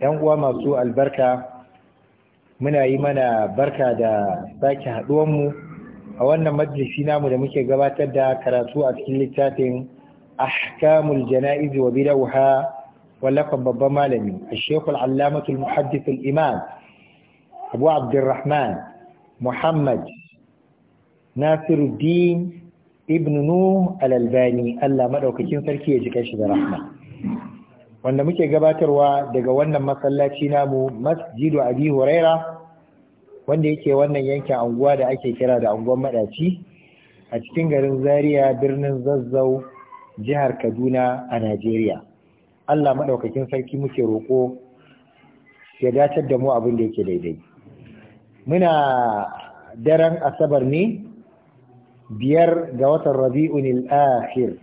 'yan uwa masu albarka muna yi mana barka da sake haɗuwanmu a wannan majalisi namu da muke gabatar da karatu a cikin littafin ahkamul jana'iz wa bid'aha wallafan babban malami al-shaykh al-allamah al-muhaddith al-imam abu abdurrahman muhammad nasiruddin ibn nuh al-albani Allah madaukakin sarki ya jika shi da rahma wanda muke gabatarwa daga wannan masallaci namu masjidu abi huraira wanda yake wannan yankin anguwa da ake kira da anguwan madaci a cikin garin zaria birnin zazzau jihar kaduna a najeriya allah maɗaukakin sarki muke roƙo ya dacar da mu abin da yake daidai muna daren asabar ne biyar ga watan rabi'un al 2023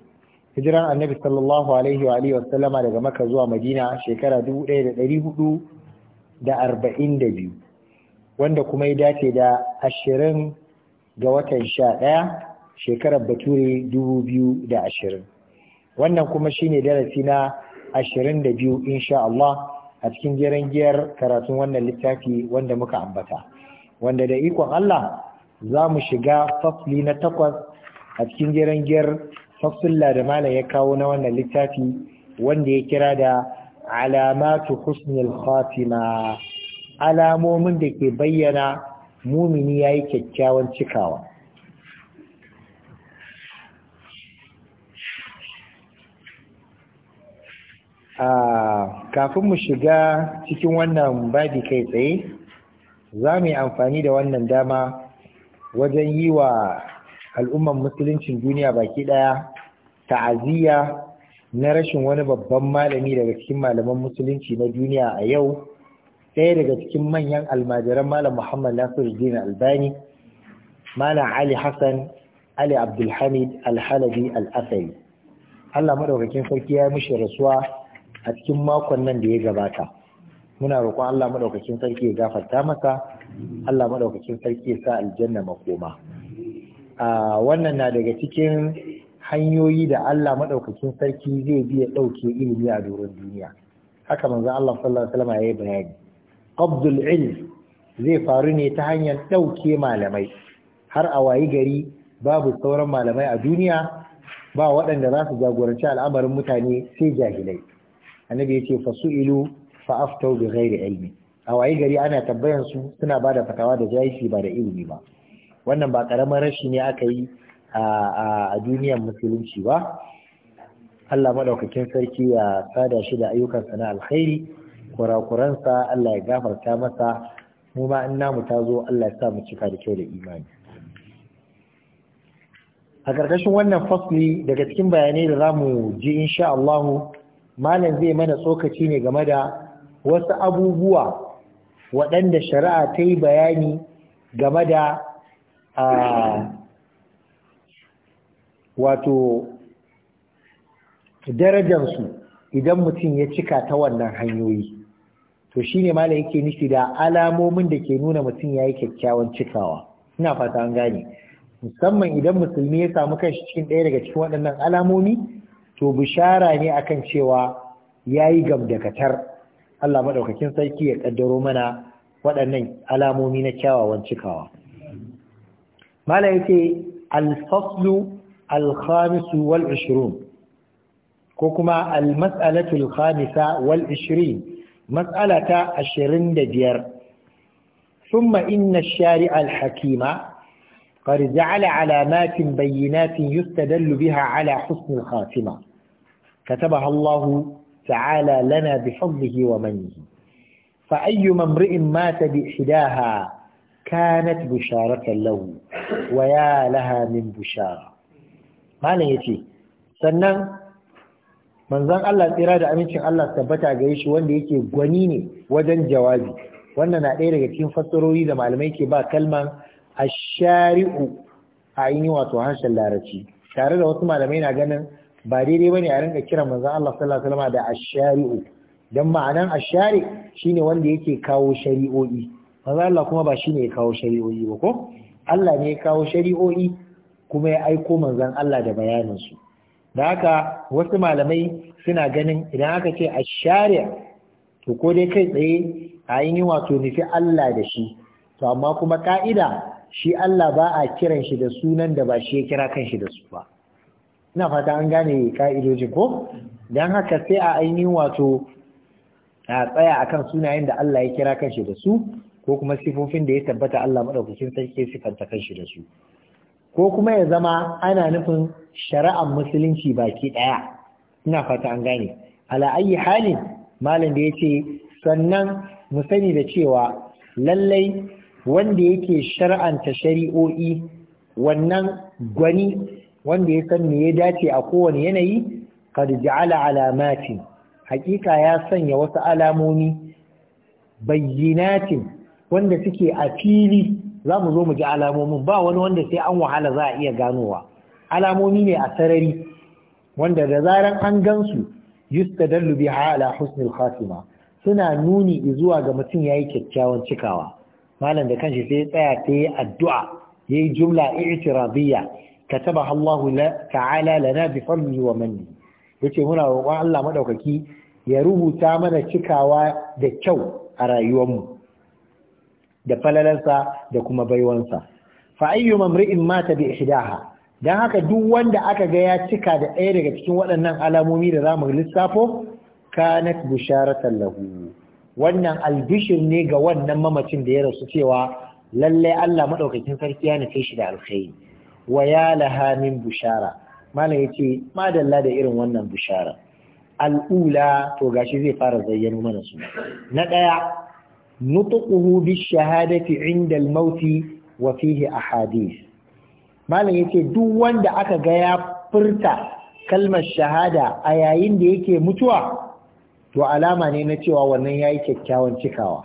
hijiran annabi sallallahu alaihi wa alihi wasallama daga maka zuwa madina shekara 1442 wanda kuma ya dace da ashirin ga watan sha ɗaya shekarar bature 2020 wannan kuma shine darasi na 22 insha Allah a cikin jeren giyar karatun wannan littafi wanda muka ambata wanda da ikon Allah za mu shiga fasli na takwas a cikin jeren giyar fafsulla da malam ya kawo na wannan littafi wanda ya kira da alamatu husnul khatima alamomin da ke bayyana mumini yayi kyakkyawan cikawa kafin mu shiga cikin wannan babi kai tsaye za mu yi amfani da wannan dama wajen yi wa al'umman musuluncin duniya baki ɗaya ta'aziyya na rashin wani babban malami daga cikin malaman musulunci na duniya a yau ɗaya daga cikin manyan almajiran malam muhammad nasiruddin albani malam ali hassan ali abdulhamid alhalabi al'asari allah maɗaukakin sarki ya mishi rasuwa a cikin makon nan da ya gabata muna roƙon allah maɗaukakin sarki ya gafarta masa allah maɗaukakin sarki ya sa aljanna makoma wannan na daga cikin hanyoyi da Allah maɗaukakin sarki zai bi ya ɗauke ilimi a doron duniya haka manzo Allah sallallahu alaihi wasallam yayi bayani qabdul ilm zai faru ne ta hanyar ɗauke malamai har a wayi gari babu sauran malamai a duniya ba waɗanda za su jagoranci al'amarin mutane sai jahilai annabi ya ce fa aftau bi ghairi ilmi a wayi gari ana tambayan su suna bada fatawa da jahilci ba da ilimi ba wannan ba ƙaramin rashi ne aka yi a duniyar musulunci ba Allah madaukakin sarki ya sada shi da ayyukansa na alkhairi kurakuransa Allah ya gafarta masa mu ma in namu ta zo Allah ya sa mu cika da kyau da imani a ƙarƙashin wannan fasli daga cikin bayanai da zamu ji insha Allah malam zai mana tsokaci ne game da wasu abubuwa waɗanda shari'a ta yi bayani game da wato darajansu idan mutum ya cika ta wannan hanyoyi to shi ne mala yake nufi da alamomin da ke nuna mutum ya yi kyakkyawan cikawa ina fata an gane musamman idan musulmi ya samu kanshi cikin ɗaya daga cikin waɗannan alamomi to bishara ne akan cewa ya yi gamdakatar Allah maɗaukakin sarki ya ƙaddaro mana waɗannan alamomi na kyawawan cikawa mala ya ce alfaslu الخامس والعشرون كوكما المسألة الخامسة والعشرين مسألة عشرين دير ثم إن الشارع الحكيم قد جعل علامات بينات يستدل بها على حسن الخاتمة كتبها الله تعالى لنا بفضله ومنه فأي امرئ مات بإحداها كانت بشارة له ويا لها من بشارة malam ya ce sannan manzan Allah tsira da amincin Allah tabbata ga shi wanda yake gwani ne wajen jawabi wannan na ɗaya daga cikin fassarori da malamai ke ba kalman ashari'u a yi wato harshen larabci tare da wasu malamai na ganin ba daidai bane a rinka kiran manzan Allah sallallahu alaihi wasallam da ashari'u dan ma'anan ashari shine wanda yake kawo shari'o'i manzon Allah kuma ba shine ya kawo shari'o'i ba ko Allah ne ya kawo shari'o'i kuma ya aiko manzan Allah da bayanin da haka wasu malamai suna ganin idan aka ce a sharia, to ko dai kai tsaye a yi wato nufi Allah da shi to amma kuma ka'ida shi Allah ba a kiran shi da sunan da ba shi ya kira kan shi da su ba ina fata an gane ka'idojin ko don haka sai a ainihin wato a tsaya akan sunayen da Allah ya kira kan shi da su ko kuma sifofin da ya tabbata Allah madaukakin sarki sifanta kan shi da su ko kuma ya zama ana nufin shari'ar musulunci baki ɗaya ina fata an gane ala ayi halin malam da ya ce sannan mu sani da cewa lallai wanda yake shar'anta shari'o'i wannan gwani wanda ya san me ya dace a kowane yanayi kad ja'ala alamatin hakika ya sanya wasu alamomi bayyinatin wanda suke a fili za mu zo mu ji alamomin ba wani wanda sai an wahala za a iya ganowa alamomi ne a sarari wanda da zaran an gansu yustadallu biha ala husnul khatima suna nuni zuwa ga mutum yayi kyakkyawan cikawa malam da kanshi sai ya tsaya sai yi addu'a yayi jumla i'tiradiyya katabaha Allah ta'ala lana bi fadlihi wa manni yace muna roƙon Allah maɗaukaki ya rubuta mana cikawa da kyau a rayuwarmu da falalansa da kuma baiwansa fa ayyu mamri'in mata bi ihdaha dan haka duk wanda aka ga ya cika da ɗaya daga cikin waɗannan alamomi da zamu lissafo kanat Bushara lahu wannan albishir ne ga wannan mamacin da ya rasu cewa lallai Allah madaukakin sarki ya nufe shi da alkhairi wa ya laha min bushara malam yace madalla da irin wannan bushara al'ula to gashi zai fara zayyano mana su na ɗaya. nutuquhu bishahadati 'inda al-maut wa fihi ahadith malan yace duk wanda aka gaya furta kalmar shahada a yayin da yake mutuwa to alama ne na cewa wannan yayi kyakkyawan cikawa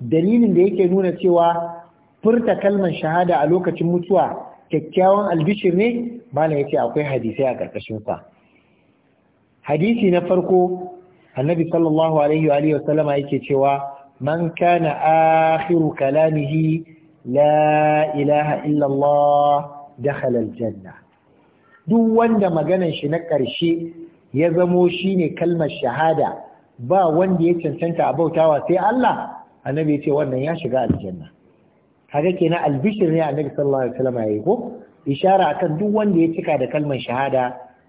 dalilin da yake nuna cewa furta kalmar shahada a lokacin mutuwa kyakkyawan albishir ne Malam yace akwai hadisai a ƙarƙashin sa hadisi na farko annabi sallallahu alaihi wa alihi yake cewa من كان آخر كلامه لا إله إلا الله دخل الجنة duk wanda maganan shi na ƙarshe ya zamo shi ne kalmar shahada ba wanda ya cancanta a bautawa sai Allah annabi ya ce wannan ya shiga aljanna kaga kenan albishir ne annabi sallallahu alaihi wasallam yayi ko ishara akan duk wanda ya cika da kalmar shahada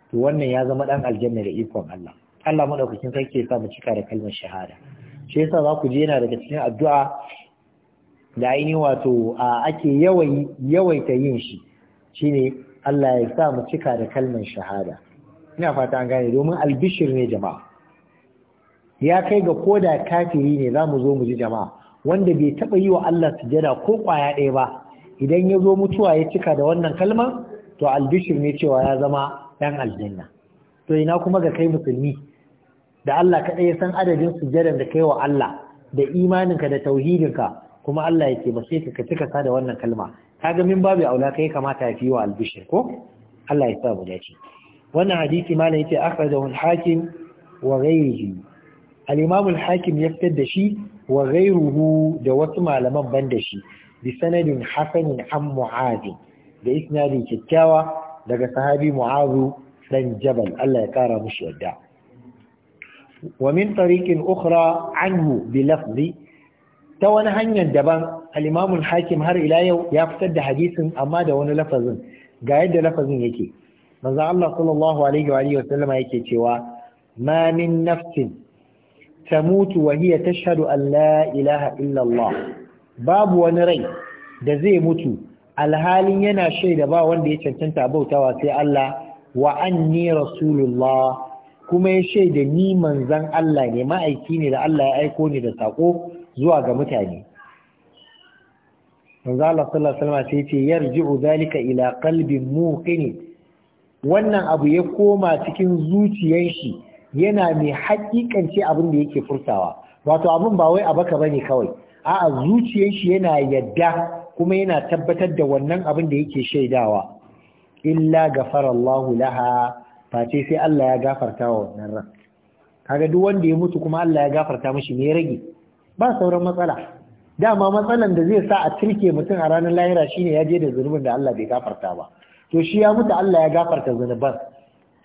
to wannan ya zama dan aljanna da ikon Allah Allah madaukakin sarki ke sa mu cika da kalmar shahada shi yasa za ku je yana daga cikin addu'a da ainihin wato ake yawaita yin shi shine Allah ya sa mu cika da kalmar shahada ina fata an gane domin albishir ne jama'a ya kai ga ko da kafiri ne za mu zo mu ji jama'a wanda bai taɓa yi wa Allah sujada ko ƙwaya ɗaya ba idan ya zo mutuwa ya cika da wannan kalmar to albishir ne cewa ya zama ɗan aljanna to ina kuma ga kai musulmi da Allah kaɗai ya san adadin sujjadan da kai wa Allah da imaninka da tauhidinka kuma Allah ya taimake ka ka cika ka wannan kalma kaga min babu aula kai kamata ya fi wa albishir ko Allah ya sa mu dace wannan hadisi malam yace akhrajahu al-hakim wa ghayrihi al-imam al-hakim ya fitar da shi wa ghayruhu da wasu malaman ban da shi bi sanadin hasanin an da isnadin kyakkyawa daga sahabi mu'adh dan jabal Allah ya kara mushi yadda ومن طريق أخرى عنه بلفظ ta wani hanyar daban al'imamun hakim har ila yau ya fitar da hadisin amma da wani lafazin ga yadda lafazin yake manzan Allah sallallahu yake cewa mamin min nafsin tamutu wa hiya tashhadu an la illallah babu wani rai da zai mutu alhalin yana shaida ba wanda ya cancanta bautawa sai Allah (Wa'anni) anni rasulullah kuma ya shaida ni manzan Allah ne ma'aiki ne da Allah ya aiko ni da sako zuwa ga mutane Manzan Allah sallallahu alaihi wasallam sai ce yarji'u zalika ila qalbin muqin wannan abu ya koma cikin zuciyar shi yana mai haƙiƙance abin da yake furtawa wato abin ba wai abaka ne kawai a'a zuciyar shi yana yadda kuma yana tabbatar da wannan abin da yake shaidawa illa gafarallahu laha face sai Allah ya gafarta wa wannan ran kaga duk wanda ya mutu kuma Allah ya gafarta mishi ne ya rage ba sauran matsala dama matsalan da zai sa a turke mutum a ranar lahira shine ya je da zunubin da Allah bai gafarta ba to shi ya mutu Allah ya gafarta zunuban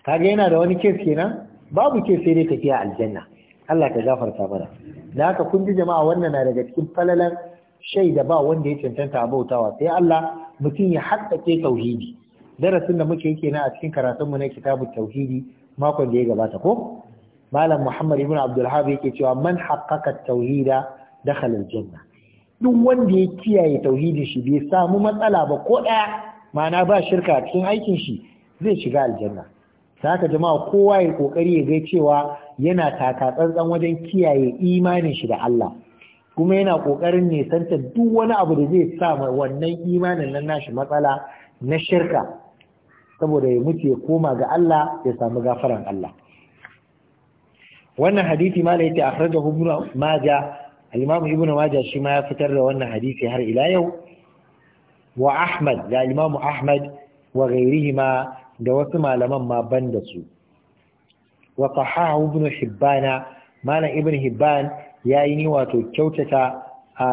kaga yana da wani kes kenan babu kes sai dai tafiya aljanna Allah ka gafarta mana da haka kun ji jama'a wannan na daga cikin falalan shaida ba wanda ya cancanta bautawa sai Allah mutum ya haƙƙaƙe tauhidi darasin da muke yake na a cikin karatunmu na kitabu tauhidi makon da ya gabata ko malam muhammad ibn abdul yake cewa man haqqaqa tauhida dakhala aljanna duk wanda ya kiyaye tauhidin shi bai samu matsala ba ko ɗaya, ma'ana ba shirka a cikin aikin shi zai shiga aljanna ta jama'a kowa ya kokari ya ga cewa yana taka tsantsan wajen kiyaye imanin shi da Allah kuma yana kokarin nisanta duk wani abu da zai sa wannan imanin nan nashi matsala na shirka saboda ya mutu ya koma ga Allah ya samu gafaran Allah wannan hadisi ma da yake akhrajahu ibn majah al-imam ibn majah shi ma ya fitar da wannan hadisi har ila yau wa ahmad da imam ahmad wa ghayrihima da wasu malaman ma da su wa sahahu ibn hibbana malam ibn hibban yayi ni wato kyautata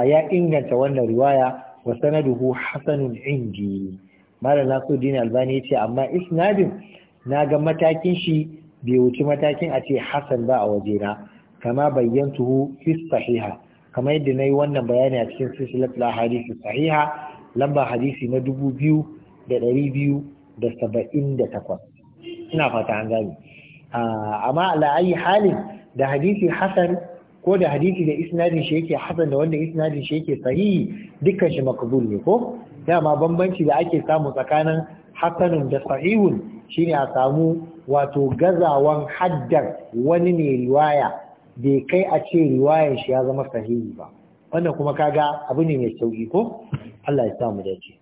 ya inganta wannan riwaya wa sanaduhu hasanun indi malam Nasiruddin Albani ya ce amma isnadin na ga matakin shi bai wuce matakin a ce Hassan ba a wajena kama bayyantuhu fi sahiha kamar yadda na yi wannan bayani a cikin silsilatul hadisi sahiha lamba hadisi na dubu biyu da ɗari biyu da saba'in da takwas ina fata an gane ah, amma ala ayi halin da hadisi hasan ko da hadisi da isnadin shi yake hasan da wanda isnadin shi yake sahihi dukkan shi makabul ne ko dama bambanci da ake samu tsakanin hasanun da sahihun shine a samu wato gazawan haddar wani ne riwaya bai kai a ce riwayar shi ya zama sahihi ba wannan kuma kaga abu ne mai sauki ko Allah ya samu dace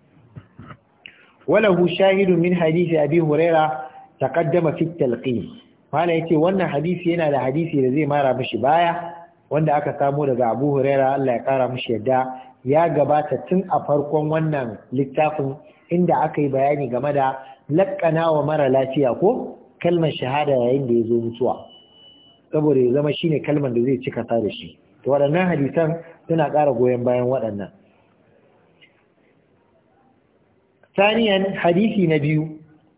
walahu shahidun min hadisi abi huraira taqaddama fi talqin mala ce wannan hadisi yana da hadisi da zai mara mishi baya wanda aka samu daga Abu Huraira Allah ya kara mishi yadda ya gabata tun a farkon wannan littafin inda aka yi bayani game da lakkana wa mara lafiya ko kalmar shahada yayin da ya zo mutuwa saboda ya zama shine kalmar da zai cika ta da shi to waɗannan hadisan suna ƙara goyon bayan waɗannan saniyan hadisi na biyu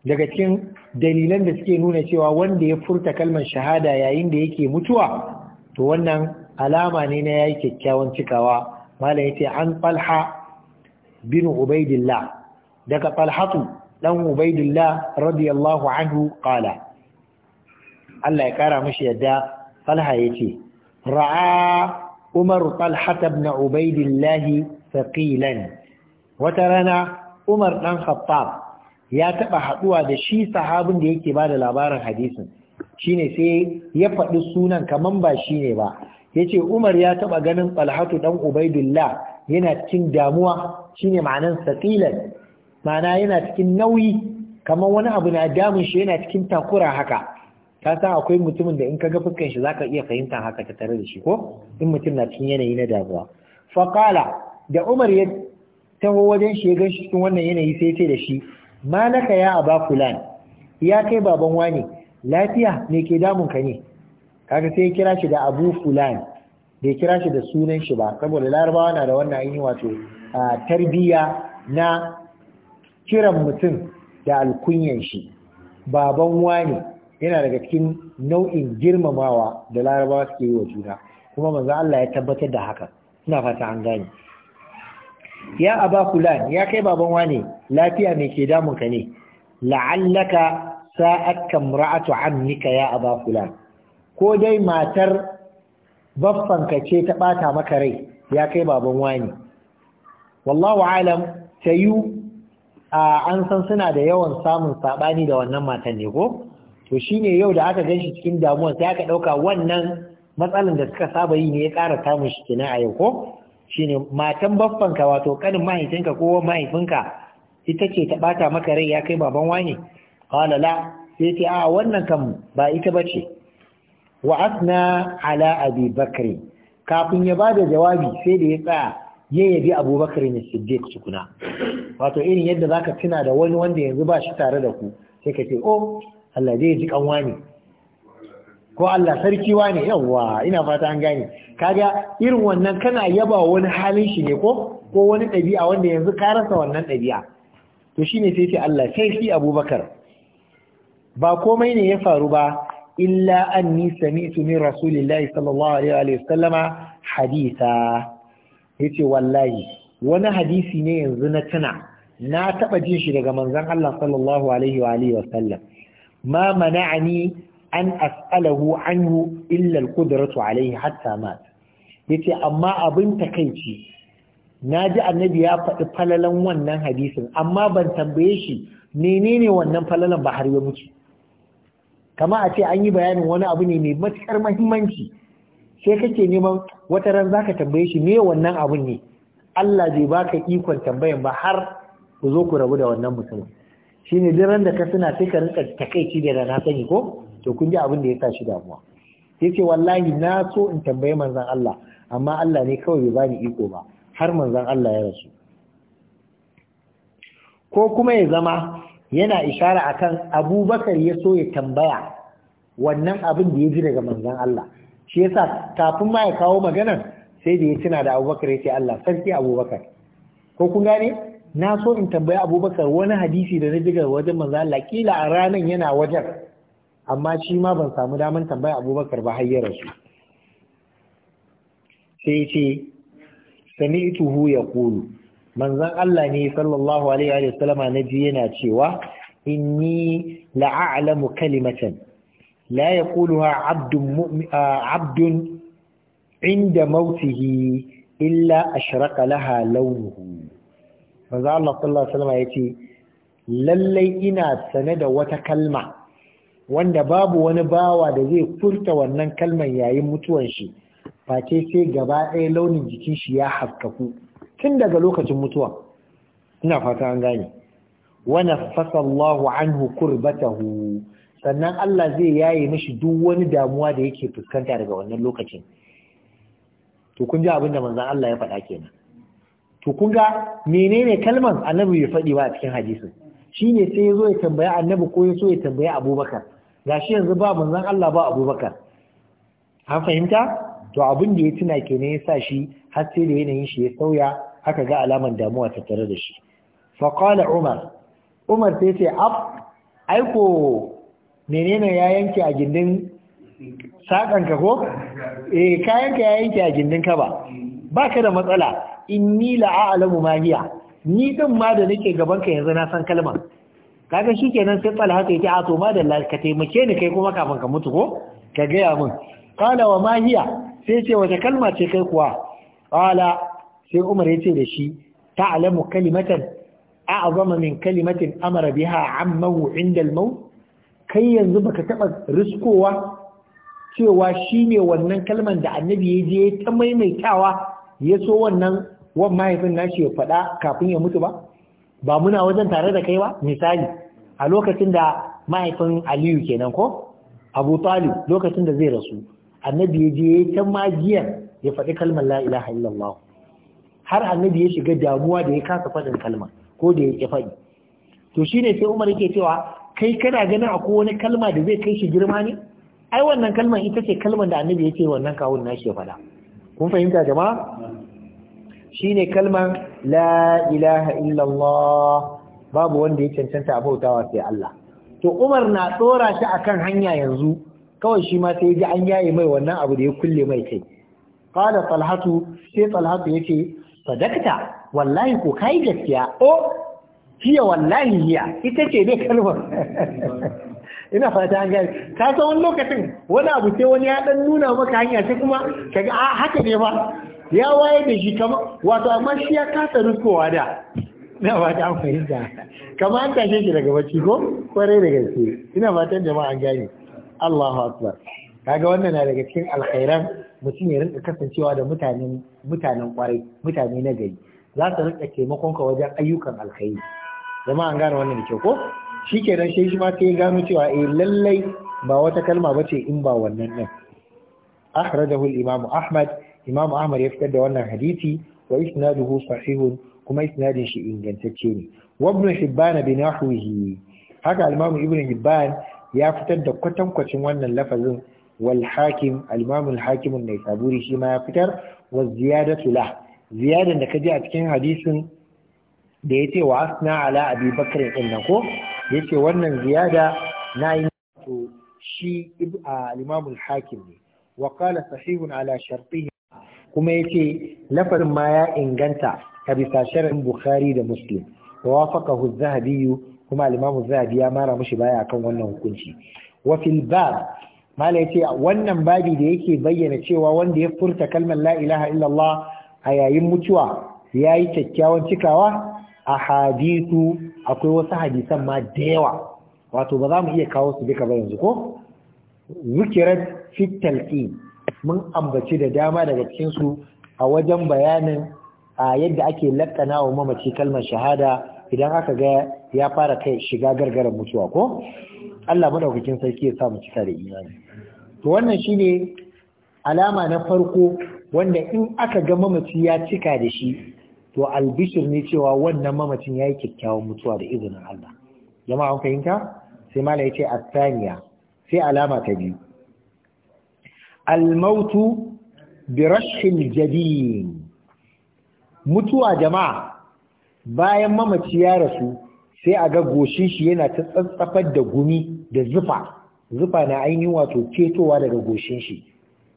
daga cikin dalilan da suke nuna cewa wanda ya furta kalmar shahada yayin da yake mutuwa to wannan alama ne na yayi kyakkyawan cikawa mala yace an falha bin ubaidillah daga talhatu dan ubaidillah radiyallahu anhu qala Allah ya kara mishi yadda falha yace ra'a umar talha ibn ubaidillah thaqilan watarana umar dan khattab ya taba haduwa da shi sahabin da yake bada labarin hadisin shine sai ya faɗi sunan kaman ba shine ba yace Umar ya taba ganin ɓalhatu ɗan UbaidulLah yana cikin damuwa shine ma'anan saqilan ma'ana yana cikin nauyi kamar wani abu na damun shi yana cikin takura haka Ta san akwai mutumin da in ka ga fuskan shi zaka iya fahimta haka ta tare da shi ko in mutum na cikin yanayi na damuwa fa da Umar ya taho wajen shi ya gan shi cikin wannan yanayi sai ce da shi malaka ya aba fulan ya kai baban wani lafiya me ke damun ka ne kaga sai ya kira shi da abu fulan bai kira shi da sunan shi ba saboda larabawa na da wannan ainihin wato tarbiyya na kiran mutum da alkunyan shi baban wani yana daga cikin nau'in girmamawa da larabawa suke yi wa juna kuma manzo Allah ya tabbatar da haka ina fata an gane ya aba fulan ya kai baban wani lafiya me ke damun ka ne la'allaka sa'at kamra'atu annika ya aba fulan ko dai matar baffanka ce ta ɓata maka rai ya kai baban wani wallahu alam ta yi an san suna da yawan samun saɓani da wannan matan ne ko to shi ne yau da aka gan shi cikin damuwa sai aka ɗauka wannan matsalar da suka saba yi ne ya ƙara samun shi kenan a yau ko ne matan baffanka wato ƙanin mahaifinka ko mahaifinka ita ce ta ɓata maka rai ya kai baban wani qala la sai ce a wannan kan ba ita ba ce. wa asna ala abi bakri kafin ya bada jawabi sai da ya tsaya ya yabi abubakar ne siddiq tukuna wato irin yadda zaka tuna da wani wanda yanzu ba shi tare da ku sai ka ce oh Allah zai ji kanwa ne ko Allah sarki wane yawa ina fata an gane kaga irin wannan kana yaba wani halin shi ne ko ko wani ɗabi'a wanda yanzu ka rasa wannan ɗabi'a to shine sai ce Allah sai shi Abubakar ba komai ne ya faru ba illa anni sami'tu min rasulillahi sallallahu alaihi wa sallama haditha yace wallahi wani hadisi ne yanzu na tuna. na taɓa jin shi daga manzon Allah sallallahu alaihi mana'ani an as'alahu anhu illa al-qudratu alaihi hatta mat yace amma abin takeici na ji annabi ya faɗi falalan wannan hadisin amma ban tambaye shi menene wannan falalan ba har ya mutu kama a ce an yi bayanin wani abu ne mai matuƙar mahimmanci sai kake neman wata ran ka tambaye shi me wannan abun ne Allah zai baka ikon tambayan ba har ku zo ku rabu da wannan mutumin shine duk ran da ka suna sai ka rinka takaici da na sani ko to kun ji abin da ya sa shi damuwa yace wallahi na so in tambaye manzon Allah amma Allah ne kawai bai bani iko ba har manzon Allah ya rasu ko kuma ya zama yana ishara a kan abubakar ya so ya tambaya wannan abin da ya ji daga manzon Allah shi yasa kafin ma ya kawo magana? sai da ya tuna da abubakar ya ce Allah sarki abubakar ko kun gane na so in tambaya abubakar wani hadisi da na daga wajen manzan Allah kila a ranan yana wajen amma shi ma ban samu daman tambaya abubakar ba har ya rasu sai ya ituhu ya kulu manzon Allah ne sallallahu alaihi wa sallama ji yana cewa inni la'alamu kalimatan la yaquluha abdun abdun inda mautihi illa ashraqa laha launuhu manzon Allah sallallahu alaihi wa sallama yace lallai ina sane da wata kalma wanda babu wani bawa da zai furta wannan kalman yayin mutuwan shi face sai gaba ɗaya launin jikin shi ya haskaku tun daga lokacin mutuwa ina fata an gane wa nafasa Allahu anhu kurbatahu sannan Allah zai yaye mishi duk wani damuwa da yake fuskanta daga wannan lokacin to kun ji abinda manzon Allah ya faɗa kenan to kun ga menene kalman annabi ya faɗi ba a cikin hadisin shine sai ya zo ya tambaya annabi ko ya zo ya tambaya abubakar gashi yanzu ba manzon Allah ba abubakar an fahimta to abin da ya tuna kenan ya sa shi har sai da yanayin shi ya sauya haka ga alaman damuwa tattare da shi faƙala umar umar sai ce ab aiko menene ya yanke a gindin saƙanka ko eh kayanka ya yanke a gindin ka ba ba ka da matsala inni la'alamu mahiya ni din ma da nake gaban ka yanzu na san kalmar kaga shikenan sai tsala haka yake a to ma da ka taimake ni kai kuma kafin ka mutu ko ka gaya min qala wa ma hiya sai ce wace kalma ce kai kuwa qala sai Umar yace da shi alamu kalimatan a'zama min kalimatin amara biha ammahu 'inda maut kai yanzu baka taba riskowa cewa shine wannan kalman da annabi ya je ta maimaitawa ya so wannan wan mahaifin nashi ya faɗa kafin ya mutu ba ba muna wajen tare da kai ba misali a lokacin da mahaifin Aliyu kenan ko Abu Talib lokacin da zai rasu annabi ya je ta magiyar ya faɗi kalmar la ilaha illallah har annabi ya shiga damuwa da ya kasa faɗin kalma ko da ya faɗi to shine sai Umar yake cewa kai kana ganin akwai wani kalma da zai kai shi girma ne ai wannan kalmar ita ce kalman da annabi ya ce wannan kawun nashi ya faɗa kun fahimta jama'a shine kalmar la ilaha illallah babu wanda ya cancanta a bautawa sai Allah to Umar na tsora shi akan hanya yanzu kawai shi ma sai ya ji an yaye mai wannan abu da ya kulle mai kai qala talhatu sai talhatu yace sadakta wallahi ko kai gaskiya o hiya wallahi hiya ita ce dai kalmar ina fata an gani ka san wani lokacin wani abu sai wani ya dan nuna maka hanya sai kuma kaga a haka ne ba ya waye da shi kama wato amma shi ya kasa rukowa da na ba ta fahimta kamar an tashe shi daga bacci ko kwarai da gaske ina fatan jama'a an gani Allahu akbar kaga wannan na daga cikin alkhairan mutum ya rinka kasancewa da mutanen mutanen kwarai mutane na gari za su rinka taimakon ka wajen ayyukan alkhairi zama an gane wannan da kyau ko shikenan sai shi ma sai gano cewa eh lallai ba wata kalma bace in ba wannan din akhrajahu al-imam ahmad imam ahmad ya fitar da wannan hadisi wa isnaduhu sahihun kuma isnadin shi ingantacce ne wa ibn hibban bi haka al-imam ibn hibban ya fitar da kwatankwacin wannan lafazin wal hakim al-imam al-hakim an ya fitar wa ziyadatu la ziyadan da kaji a cikin hadisin da yace wa asna ala abi bakr din nan ko yace wannan ziyada na yi to shi al-imam hakim ne wa qala sahihun ala shartihi kuma yace lafarin ma ya inganta ka bisa sharin bukhari da muslim wa wafaqahu az-zahabi kuma al-imam zahabi ya mara mashi baya akan wannan hukunci wa fil ya ce, wannan babi da yake bayyana cewa wanda ya furta kalmar la ilaha illallah a yayin mutuwa ya yi kyakkyawan cikawa a hadisu akwai wasu hadisan ma da yawa wato ba za mu iya kawo su duka ba yanzu ko zikirat fi mun ambaci da dama daga cikin su a wajen bayanin a yadda ake lakkana wa mamaci kalmar shahada idan aka ga ya fara kai shiga gargaran mutuwa ko Allah madaukakin sarki ya samu cika da imani to wannan shine alama na farko wanda in aka ga mamaci ya cika da shi to albishir ne cewa wannan mamacin yayi kyakkyawan mutuwa da izinin Allah jama'a kun fahimta sai mala yace asaniya sai alama ta biyu almautu bi mutuwa jama'a bayan mamaci ya rasu sai a ga goshin shi yana ta tsantsafar da gumi da zufa zufa na ainihin wato ketowa daga goshin shi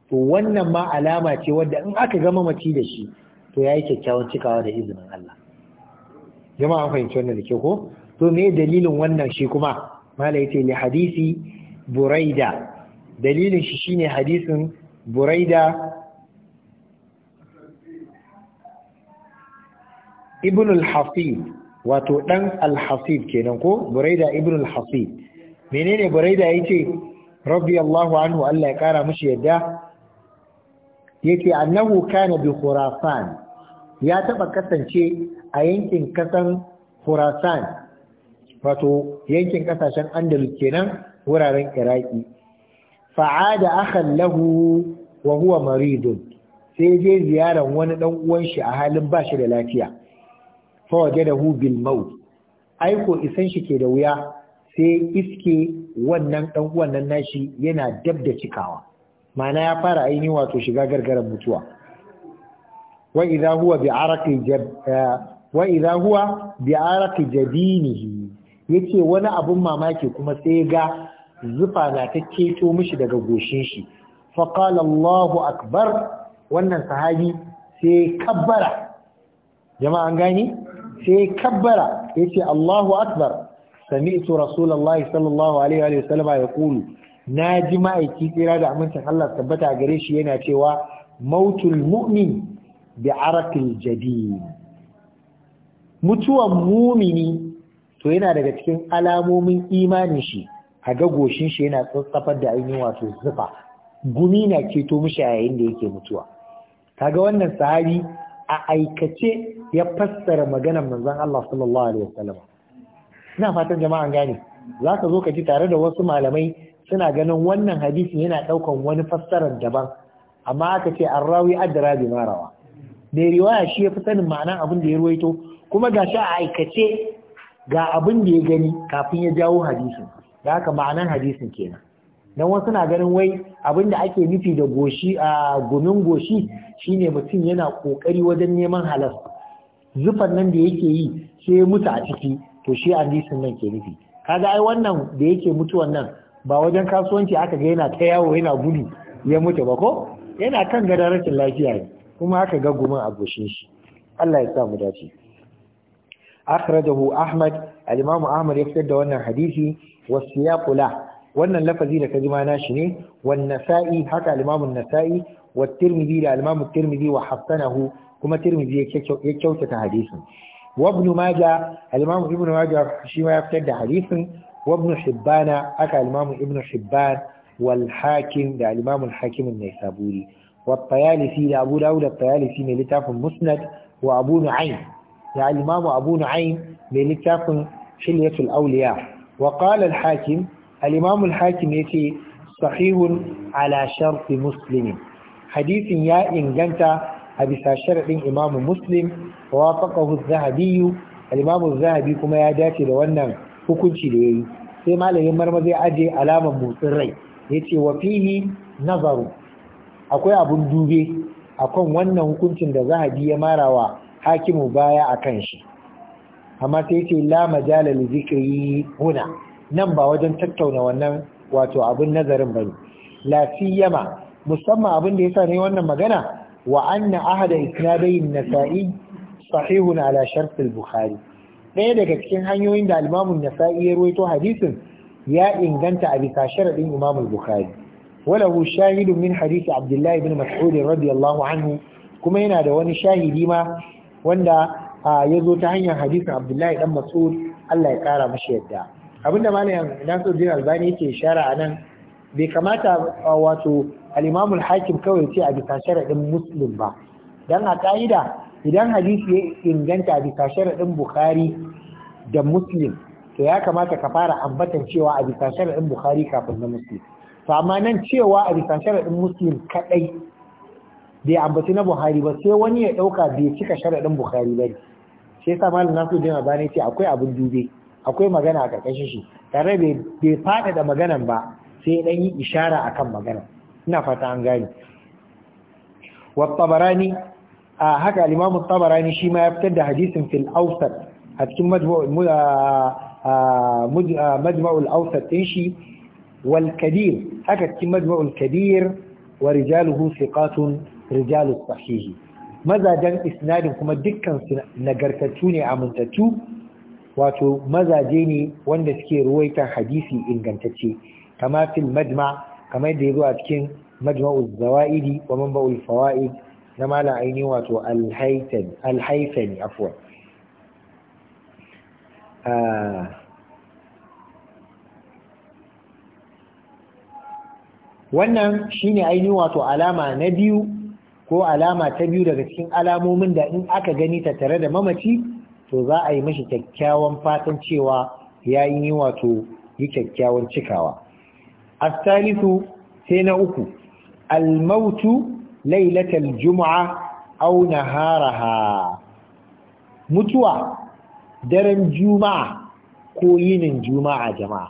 to wannan ma alama ce wadda in aka gama mace da shi to yayi kyakkyawan cikawa da izinin Allah jama'a fahimci wannan da ke ko to me dalilin wannan shi kuma malai ce li hadisi buraida dalilin shi shine hadisin buraida ibn al-hafid wato ɗan al kenan ko buraida ibn al menene buraida yace radiyallahu anhu Allah ya kara mashi yadda yace annahu kana bi khurasan ya taɓa kasance a yankin kasan khurasan wato yankin kasashen andalus kenan wuraren iraki fa'ada akhan lahu wa huwa maridun sai je ziyaran wani dan uwan shi a halin bashi da lafiya fa da bil maut aiko isan shi ke da wuya sai iske wannan dan uwannan nashi yana dab da cikawa ma'ana ya fara aini wato shiga gargaran mutuwa wa idza huwa bi araqi jab eh, wa idza huwa bi araqi jadinihi yace wani abun mamaki kuma sai ga zufa na ta keto mishi daga goshin shi fa qala Allahu akbar wannan sahabi sai kabbara jama'a an gani sai kabbara ce Allahu akbar sami'tu Rasulallah sallallahu alaihi wa sallam ya kulu na ji ma'aiki tsira da amincin Allah tabbata gare shi yana cewa mautul mu'min bi arqil jadi mutuwan mumini to yana daga cikin alamomin imanin shi a gagoshin shi yana tsatsafar da ainihin wato zufa gumi na keto mishi yayin da yake mutuwa kaga wannan sahabi a aikace ya fassara maganar manzon Allah sallallahu alaihi wasallam ina fatan jama'an gane zaka zo ka ji tare da wasu malamai suna ganin wannan hadisi yana daukan wani fassarar daban amma aka ce rawi adra bi marawa da riwaya shi ya fi sanin ma'anar abin da ya ruwaito kuma ga shi a aikace ga abin da ya gani kafin ya jawo hadisin da haka ma'anar hadisin kenan dan wasu na ganin wai abin da ake nufi da goshi a gumin goshi shine mutum yana kokari wajen neman halas zufan nan da yake yi sai ya mutu a ciki to shi nisan nan ke nufi kaga ai wannan da yake mutuwan nan ba wajen kasuwanci aka ga yana ta yawo yana gudu ya mutu ba ko yana kan gadon rashin lafiya ne kuma aka ga gumin a goshin shi Allah ya sa mu dace akhrajahu ahmad al-imam ahmad ya fitar da wannan hadisi wasiyaqu wannan lafazi da kaji ma shi ne wan nasa'i haka al nasai wa tirmidhi da al-imam tirmidhi wa hasanahu kuma tirmidhi ya kyautata hadisin wa ibn majah al ibn shi ma ya fitar da hadisin wa ibn Hibbana haka al-imam ibn hibban wal hakim da al Hakimin al-hakim an-naisaburi wa at-tayalisi da abu dawud at-tayalisi ne littafin musnad wa abu nu'aym da al-imam abu nu'aym ne littafin shilyatul awliya wa hakim al-imam al-hakim yace sahihun ala sharti muslimin hadisin ya inganta a bisa sharadin imam muslim wa wafaqahu az-zahabi al zahabi kuma ya dace da wannan hukunci da yayi sai malamin marma zai aje alamar motsin rai yace wa fihi nazaru akwai abun dube akan wannan hukuncin da zahabi ya marawa hakimu baya akan shi amma sai yace la majala li zikri huna nan ba wajen tattauna wannan wato abin nazarin ne. lafiyama musamman abin da sa ne wannan magana wa anna ahada isnadai nasa'i sahihun ala shart al-bukhari ɗaya daga cikin hanyoyin da al-imam nasai ya ruwaito hadisin ya inganta a bisa sharadin imam al-bukhari walahu shahidun min hadisi abdullahi ibn mas'ud radiyallahu anhu kuma yana da wani shahidi ma wanda ya zo ta hanyar hadisin abdullahi dan mas'ud Allah ya kara mashi yadda abinda malam Nasiruddin Albani yake shara a nan bai kamata wato al-Imam hakim kawai ce a bisa sharadin Muslim ba dan a ka'ida idan hadisi ya inganta a bisa sharadin Bukhari da Muslim to ya kamata ka fara ambatan cewa a bisa sharadin Bukhari kafin na Muslim to amma nan cewa a bisa sharadin Muslim kadai bai ambaci na buhari ba sai wani ya ɗauka bai cika sharadin Bukhari ba sai yasa malam Nasiruddin Albani ce akwai abin dube akwai magana a ƙarƙashin shi tare bai faɗa da maganan ba sai dan yi ishara akan magana ina fata an gane wa tabarani a haka al-imam tabarani shi ma ya fitar da hadisin fil awsat a cikin majma'ul awsat din shi wal kadir haka cikin majma'ul kadir wa rijaluhu thiqatun rijalus sahih mazajen isnadin kuma dukkan su nagartattu ne amintattu wato mazaje ne wanda suke ruwaita hadisi ingantacce kama fil majma kamar da ya zo a cikin majma'u zawaidi wa manba'ul fawaid na malam ainihin wato al-haytani afwan ah, wannan shine ainihin wato alama na biyu ko alama ta biyu daga cikin alamomin da in aka gani ta tare da mamaci to za a yi mashi kyakkyawan fatan cewa ya yi wato yi kyakkyawan cikawa astalisu sai na uku almautu lailatal juma'a Auna haraha. mutuwa daren juma'a ko yinin juma'a jama'a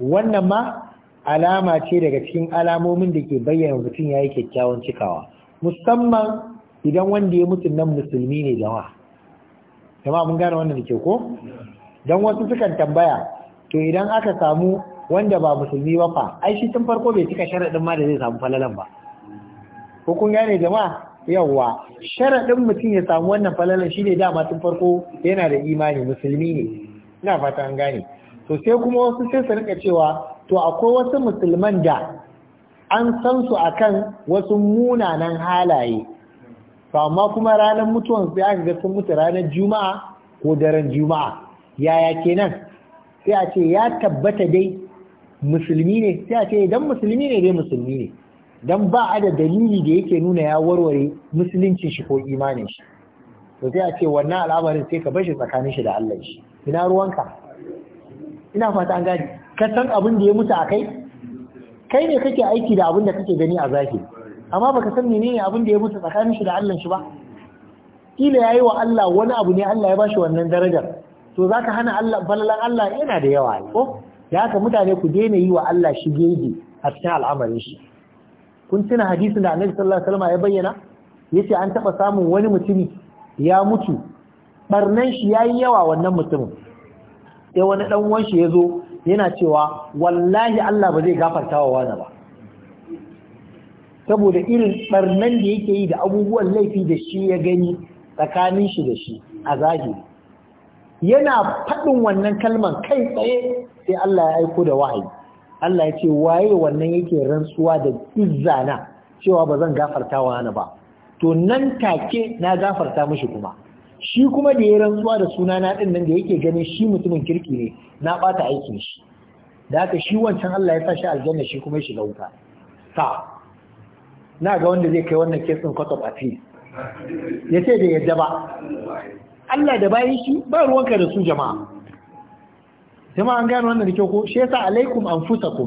wannan ma alama ce daga cikin alamomin da ke bayyana mutum ya yi kyakkyawan cikawa musamman idan wanda ya mutu nan musulmi ne jama'a jama'a mun gane wannan da ke ko don wasu sukan tambaya to idan aka samu wanda ba musulmi ba fa ai shi tun farko bai cika sharaɗin ma da zai samu falalan ba ko kun gane jama'a yawwa sharaɗin mutum ya samu wannan falalan ne dama tun farko yana da imani musulmi ne ina fata an gane to sai kuma wasu sai su rika cewa to akwai wasu musulman da an san su akan wasu munanan halaye to amma kuma ranar mutuwan sai aka ga sun mutu ranar juma'a ko daren juma'a yaya kenan sai a ce ya tabbata dai musulmi ne sai a ce idan musulmi ne dai musulmi ne dan ba a da dalili da yake nuna ya warware musulunci shi ko imanin shi to sai a ce wannan al'amarin sai ka bar shi tsakanin shi da Allah shi ina ruwanka ina fata an gani ka san abin da ya mutu a kai kai ne kake aiki da abin da kake gani a zahiri amma baka san menene abin da ya mutu tsakanin shi da Allah shi ba kila yayi wa Allah wani abu ne Allah ya bashi wannan darajar to zaka hana Allah balalan Allah yana da yawa ko ya ka mutane ku daina yi wa Allah gege a cikin al'amarin shi kun tuna hadisin da Annabi sallallahu alaihi wasallam ya bayyana yace an taba samun wani mutumi ya mutu barnan shi yayi yawa wannan mutumin sai wani dan uwan shi yazo yana cewa wallahi Allah ba zai gafarta wa wani ba saboda irin barnan da yake yi da abubuwan laifi da shi ya gani tsakanin shi da shi a zahiri yana faɗin wannan kalman kai tsaye sai Allah ya aiko da wahayi Allah ya ce waye wannan yake rantsuwa da izzana cewa ba zan gafarta wa ana ba to nan take na gafarta mishi kuma shi kuma da ya rantsuwa da suna na din nan da yake ganin shi mutumin kirki ne na ɓata aikin shi da haka shi wancan Allah ya sa shi aljanna shi kuma ya shiga wuta ta na ga wanda zai kai wannan kesin court of appeal ya ce da yadda ba Allah da bayan shi ba ruwanka da su jama'a jama'a an gano wannan da kyau ko shi yasa alaikum ku.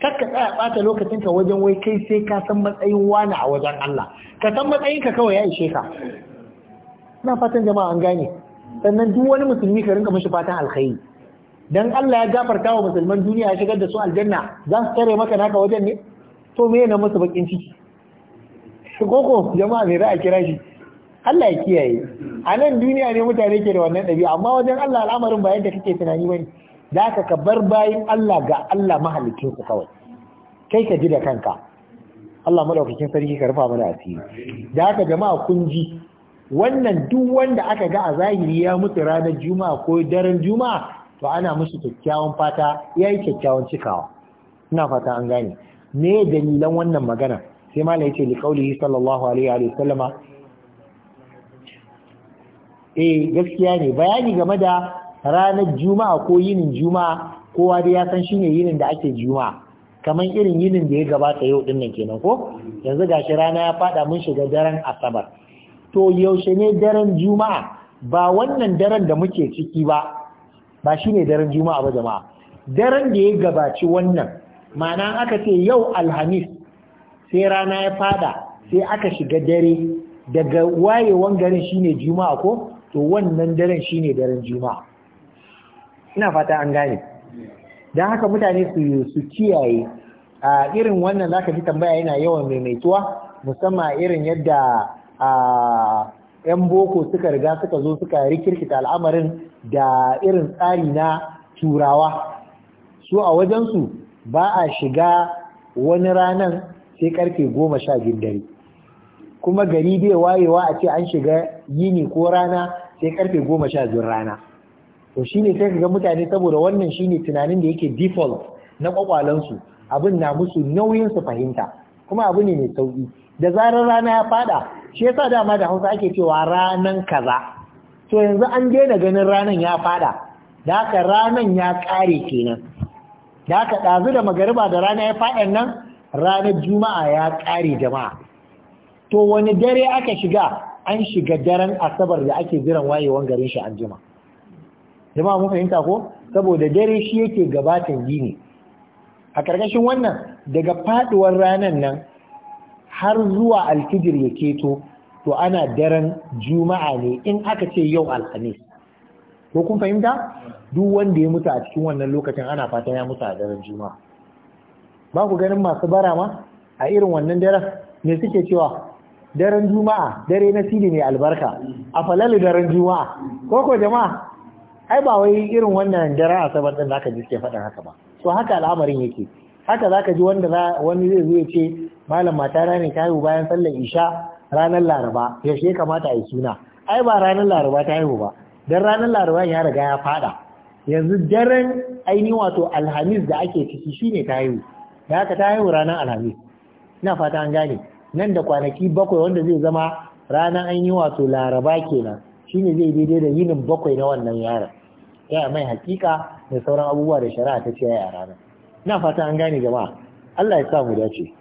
kakka tsaya bata lokacin ka wajen wai kai sai ka san matsayin wani a wajen Allah ka san matsayin ka kawai ya ishe ka ina fatan jama'a an gane sannan duk wani musulmi ka rinka mashi fatan alkhairi dan Allah ya gafarta wa musulman duniya ya shigar da su aljanna za su tare maka naka wajen ne to me na masa bakin ciki koko jama'a me za a kira shi Allah ya kiyaye a nan duniya ne mutane ke da wannan ɗabi'a amma wajen Allah al'amarin ba yadda kake tunani bane da ka ka bar bayin Allah ga Allah mahalicin ku kawai kai ka ji da kanka Allah madaukakin sarki ka rufa mana asiri da haka jama'a kun ji wannan duk wanda aka ga a zahiri ya mutu ranar juma'a ko daren juma'a to ana musu kyakkyawan fata yayi kyakkyawan cikawa ina fata an gane me dalilan wannan magana sai malam yace li qaulihi sallallahu alaihi wa sallama eh gaskiya ne bayani game da ranar juma'a ko yinin juma'a kowa dai ya san shine yinin da ake juma'a kaman irin yinin da ya gabata yau dinnan kenan ko yanzu gashi rana ya fada mun shiga daren asabar to yaushe ne daren juma'a ba wannan daren da muke ciki ba ba shine daren juma'a ba jama'a daren da ya gabaci wannan ma'ana aka ce yau alhamis sai rana ya fada sai aka shiga dare daga wayewan garin shine juma'a ko to wannan daren shine daren juma'a ina fata an gane don haka mutane su su kiyaye a irin wannan zaka ji tambaya yana yawan maimaituwa musamman irin yadda a yan boko suka riga suka zo suka rikirkita al'amarin da irin tsari na turawa su a wajen su. ba a shiga wani ranan sai karfe goma sha biyun dare kuma gari bai wayewa a ce an shiga yini ko rana sai karfe goma sha biyun rana to shine sai ka ga mutane saboda wannan shine tunanin da yake default na kwakwalansu abin na musu nauyin su fahimta kuma abu ne mai sauki da zarar rana ya faɗa, shi yasa dama da Hausa ake cewa ranan kaza to yanzu an daina ganin ranan ya faɗa, da haka ranan ya ƙare kenan da aka ɗazu da magariba da rana ya faɗin nan ranar juma'a ya ƙare jama'a to wani dare aka shiga an shiga daren asabar da ake jiran wayewan garin shi an jima jama'a mun fahimta ko saboda dare shi yake gabatan gini a ƙarƙashin wannan daga faɗuwar ranar nan har zuwa alfijir ya keto to ana daren juma'a ne in aka ce yau alhamis ko kun fahimta duk wanda ya mutu a cikin wannan lokacin ana fatan ya mutu a daren juma'a ba ku ganin masu bara ma a irin wannan daren me suke cewa daren juma'a dare na sili ne albarka a falalu daren juma'a ko ko jama'a ai ba wai irin wannan daren asabar din zaka ji ke faɗin haka ba so haka al'amarin yake haka zaka ji wanda wani zai zo ya ce malam mata na ne ta bayan sallar isha ranar laraba yaushe ya kamata a yi suna ai ba ranar laraba ta haihu ba don ranar laruwa ya riga ya fada yanzu daren aini wato alhamis da ake ciki shine ta haihu da haka ta haihu ranar alhamis ina fata an gane nan da kwanaki bakwai wanda zai zama ranar aini wato laraba kenan shine zai daidai da yinin bakwai na wannan yaron ya mai hakika da sauran abubuwa da shari'a ta ce ya rana? ina fata an gane jama'a Allah ya sa mu dace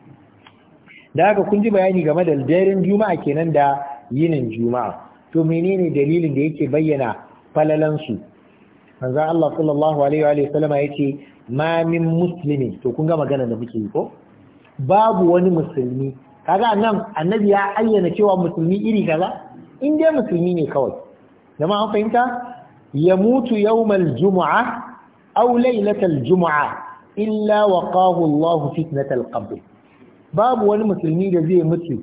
da haka kun ji bayani game da daren juma'a kenan da yinin juma'a to menene dalilin da yake bayyana falalansu manzon Allah sallallahu alaihi wa sallama yace ma min to kun ga magana da muke yi ko babu wani musulmi kaga nan annabi ya ayyana cewa musulmi iri kaza in dai musulmi ne kawai jama'a an fahimta ya mutu yawmal jumu'a aw laylatal jumu'a illa waqahu Allah fitnatal qabr babu wani musulmi da zai mutu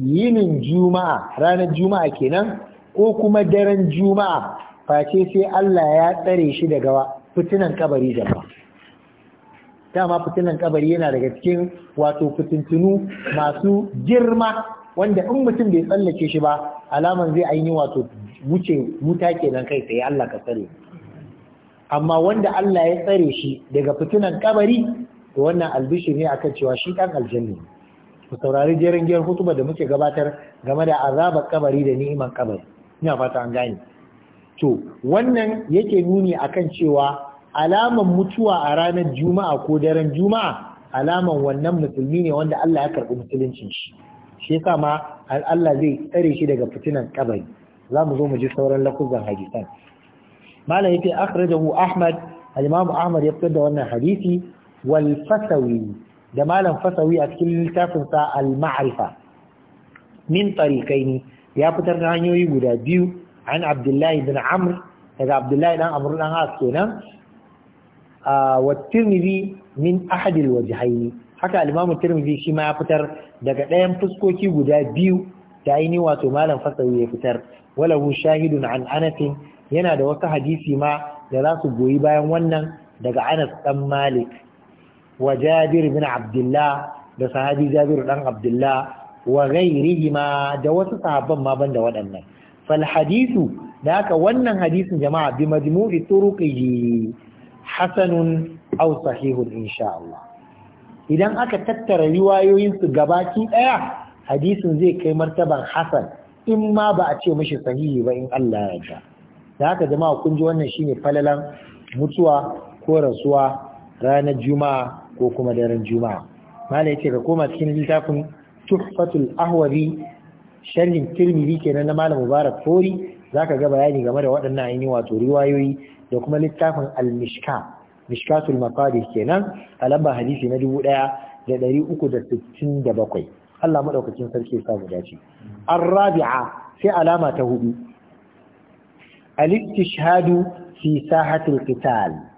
yinin juma'a ranar juma'a kenan ko kuma daren juma'a face sai Allah ya tsare shi daga fitinan kabari jama'a dama fitinan kabari yana daga cikin wato fitintunu masu girma wanda in mutum bai tsallake shi ba alaman zai aini wato wuce wuta kenan kai sai Allah ka tsare amma wanda Allah ya tsare shi daga fitinan kabari to wannan albishi ne akan cewa shi dan aljanna ku saurari jerin giyar hutuba da muke gabatar game da azabar kabari da ni'imar kabari ina fata an gane to wannan yake nuni akan cewa alaman mutuwa a ranar juma'a ko daren juma'a alaman wannan musulmi ne wanda Allah ya karɓi musuluncin shi shi yasa ma Allah zai tsare shi daga fitinan kabari za mu zo mu ji sauran lafuzan hadisan malam yake akhrajahu ahmad al-imam ahmad ya fitar da wannan hadisi wal fasawi da malam fasawi a cikin littafin sa al-ma'rifa min tariqaini ya fitar da hanyoyi guda biyu an abdullahi bin amr daga abdullahi dan amr dan as kenan wa tirmidhi min ahad al haka al-imam tirmidhi shi ma ya fitar daga ɗayan fuskoki guda biyu da aini wato malam fasawi ya fitar walahu shahidun an anas yana da wasu hadisi ma da za su goyi bayan wannan daga anas dan malik wa jabir bin abdullah da sahabi jabir dan abdullah wa ghairihima da wasu sahabban ma banda waɗannan fal hadithu da haka wannan hadisin jama'a bi majmu'i turuqihi hasanun aw sahihun insha Allah idan aka tattara riwayoyin su gabaki daya hadisin zai kai martaban hasan in ma ba a ce mashi sahihi ba in Allah ya yarda da haka jama'a kun ji wannan shine falalan mutuwa ko rasuwa ranar juma'a ko kuma daren juma'a malai ce ka koma cikin littafin tuhfatul ahwabi sharhin tirmidhi kenan na malam mubarak fori zaka ga bayani game da waɗannan ainihin wato riwayoyi da kuma littafin al-mishka mishkatul maqadis kenan a lamba hadisi na dubu ɗaya da ɗari uku da sittin da bakwai Allah maɗaukacin sarki ya samu dace ar-rabi'a sai alama ta hudu al-istishhadu fi sahatil qital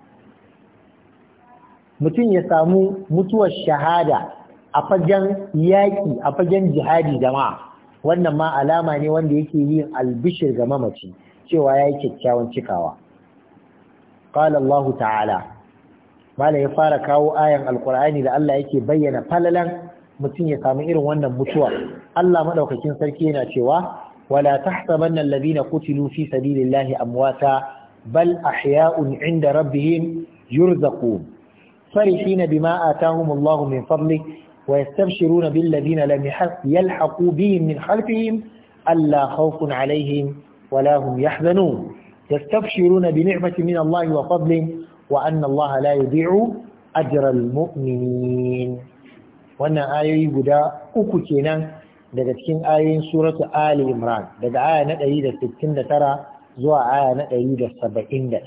mutum ya samu mutuwar shahada a fagen yaƙi a fagen jihadi jama'a wannan ma alama ne wanda yake yin albishir ga mamaci cewa ya yi kyakkyawan cikawa qala Allah ta'ala Malam ya fara kawo ayan alkur'ani da Allah yake bayyana falalan mutum ya samu irin wannan mutuwa Allah maɗaukakin sarki yana cewa wala tahsabanna alladhina kutilu fi sabilillahi amwata bal ahya'un 'inda rabbihim yurzaqun فرحين بما آتاهم الله من فضله ويستبشرون بالذين لم يلحقوا بهم من خلفهم ألا خوف عليهم ولا هم يحزنون يستبشرون بنعمة من الله وفضل وأن الله لا يضيع أجر المؤمنين وأنا آية بدا أكو كينا daga cikin ayoyin suratu Ali Imran daga aya na 169 zuwa aya na 171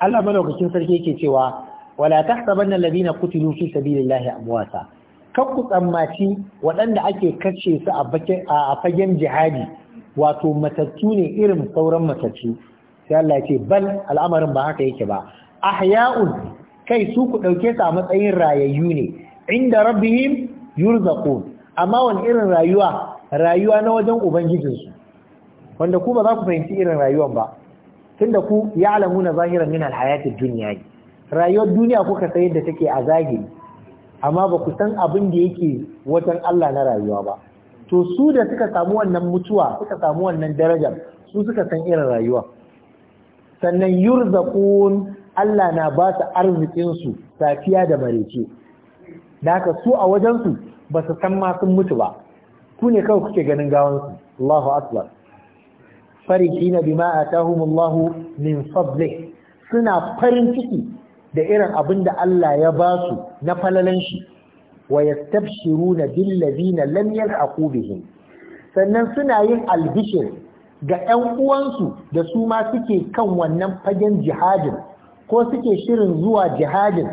Allah malaukakin sarki yake cewa wala tahsabanna alladhina qutilu fi sabilillahi amwata kar ku tsammaci waɗanda ake kace su a fagen jihadi wato matattu ne irin sauran matattu sai Allah ya ce bal al'amarin ba haka yake ba ahya'un kai su ku dauke su a matsayin rayayyu ne inda rabbihim yurzaqun amma wani irin rayuwa rayuwa na wajen ubangijinsu wanda ku ba za ku fahimci irin rayuwan ba Tun da ku ya zahirar zahiran min duniya dunya rayuwar duniya kuka san yadda take a zahiri amma ba ku san abin da yake watan Allah na rayuwa ba to su da suka samu wannan mutuwa suka samu wannan darajar su suka san irin rayuwa sannan yurzaqun Allah na ba su arzikin safiya da marece da haka su a wajen su ba su san ma mutu ba ku ne kawai kuke ganin gawansu? Allahu akbar na bima ta min fadlih suna farin ciki da irin abin da Allah ya ba su na falalan shi wa yastabshiruna na na lam yalhaqu bihim sannan suna yin albishir ga 'yan uwansu da su ma suke kan wannan fagen jihadin ko suke shirin zuwa jihadin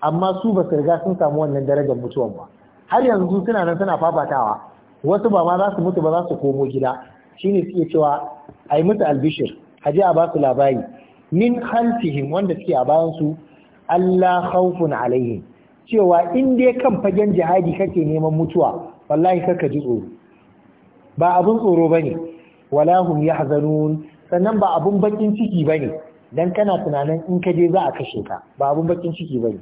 amma su ba su riga sun samu wannan darajar mutuwan ba har yanzu suna nan suna fafatawa wasu ba ma za su mutu ba za su komo gida shine suke cewa ai musu albishir "Haji a ba su labari min khalfihim wanda suke a bayan su Allah khawfun alaihim cewa in dai kan fagen jihadi kake neman mutuwa wallahi kaka ji tsoro ba abun tsoro bane wala hum yahzanun sannan ba abun bakin ciki bane dan kana tunanin in ka je za a kashe ka ba abun bakin ciki bane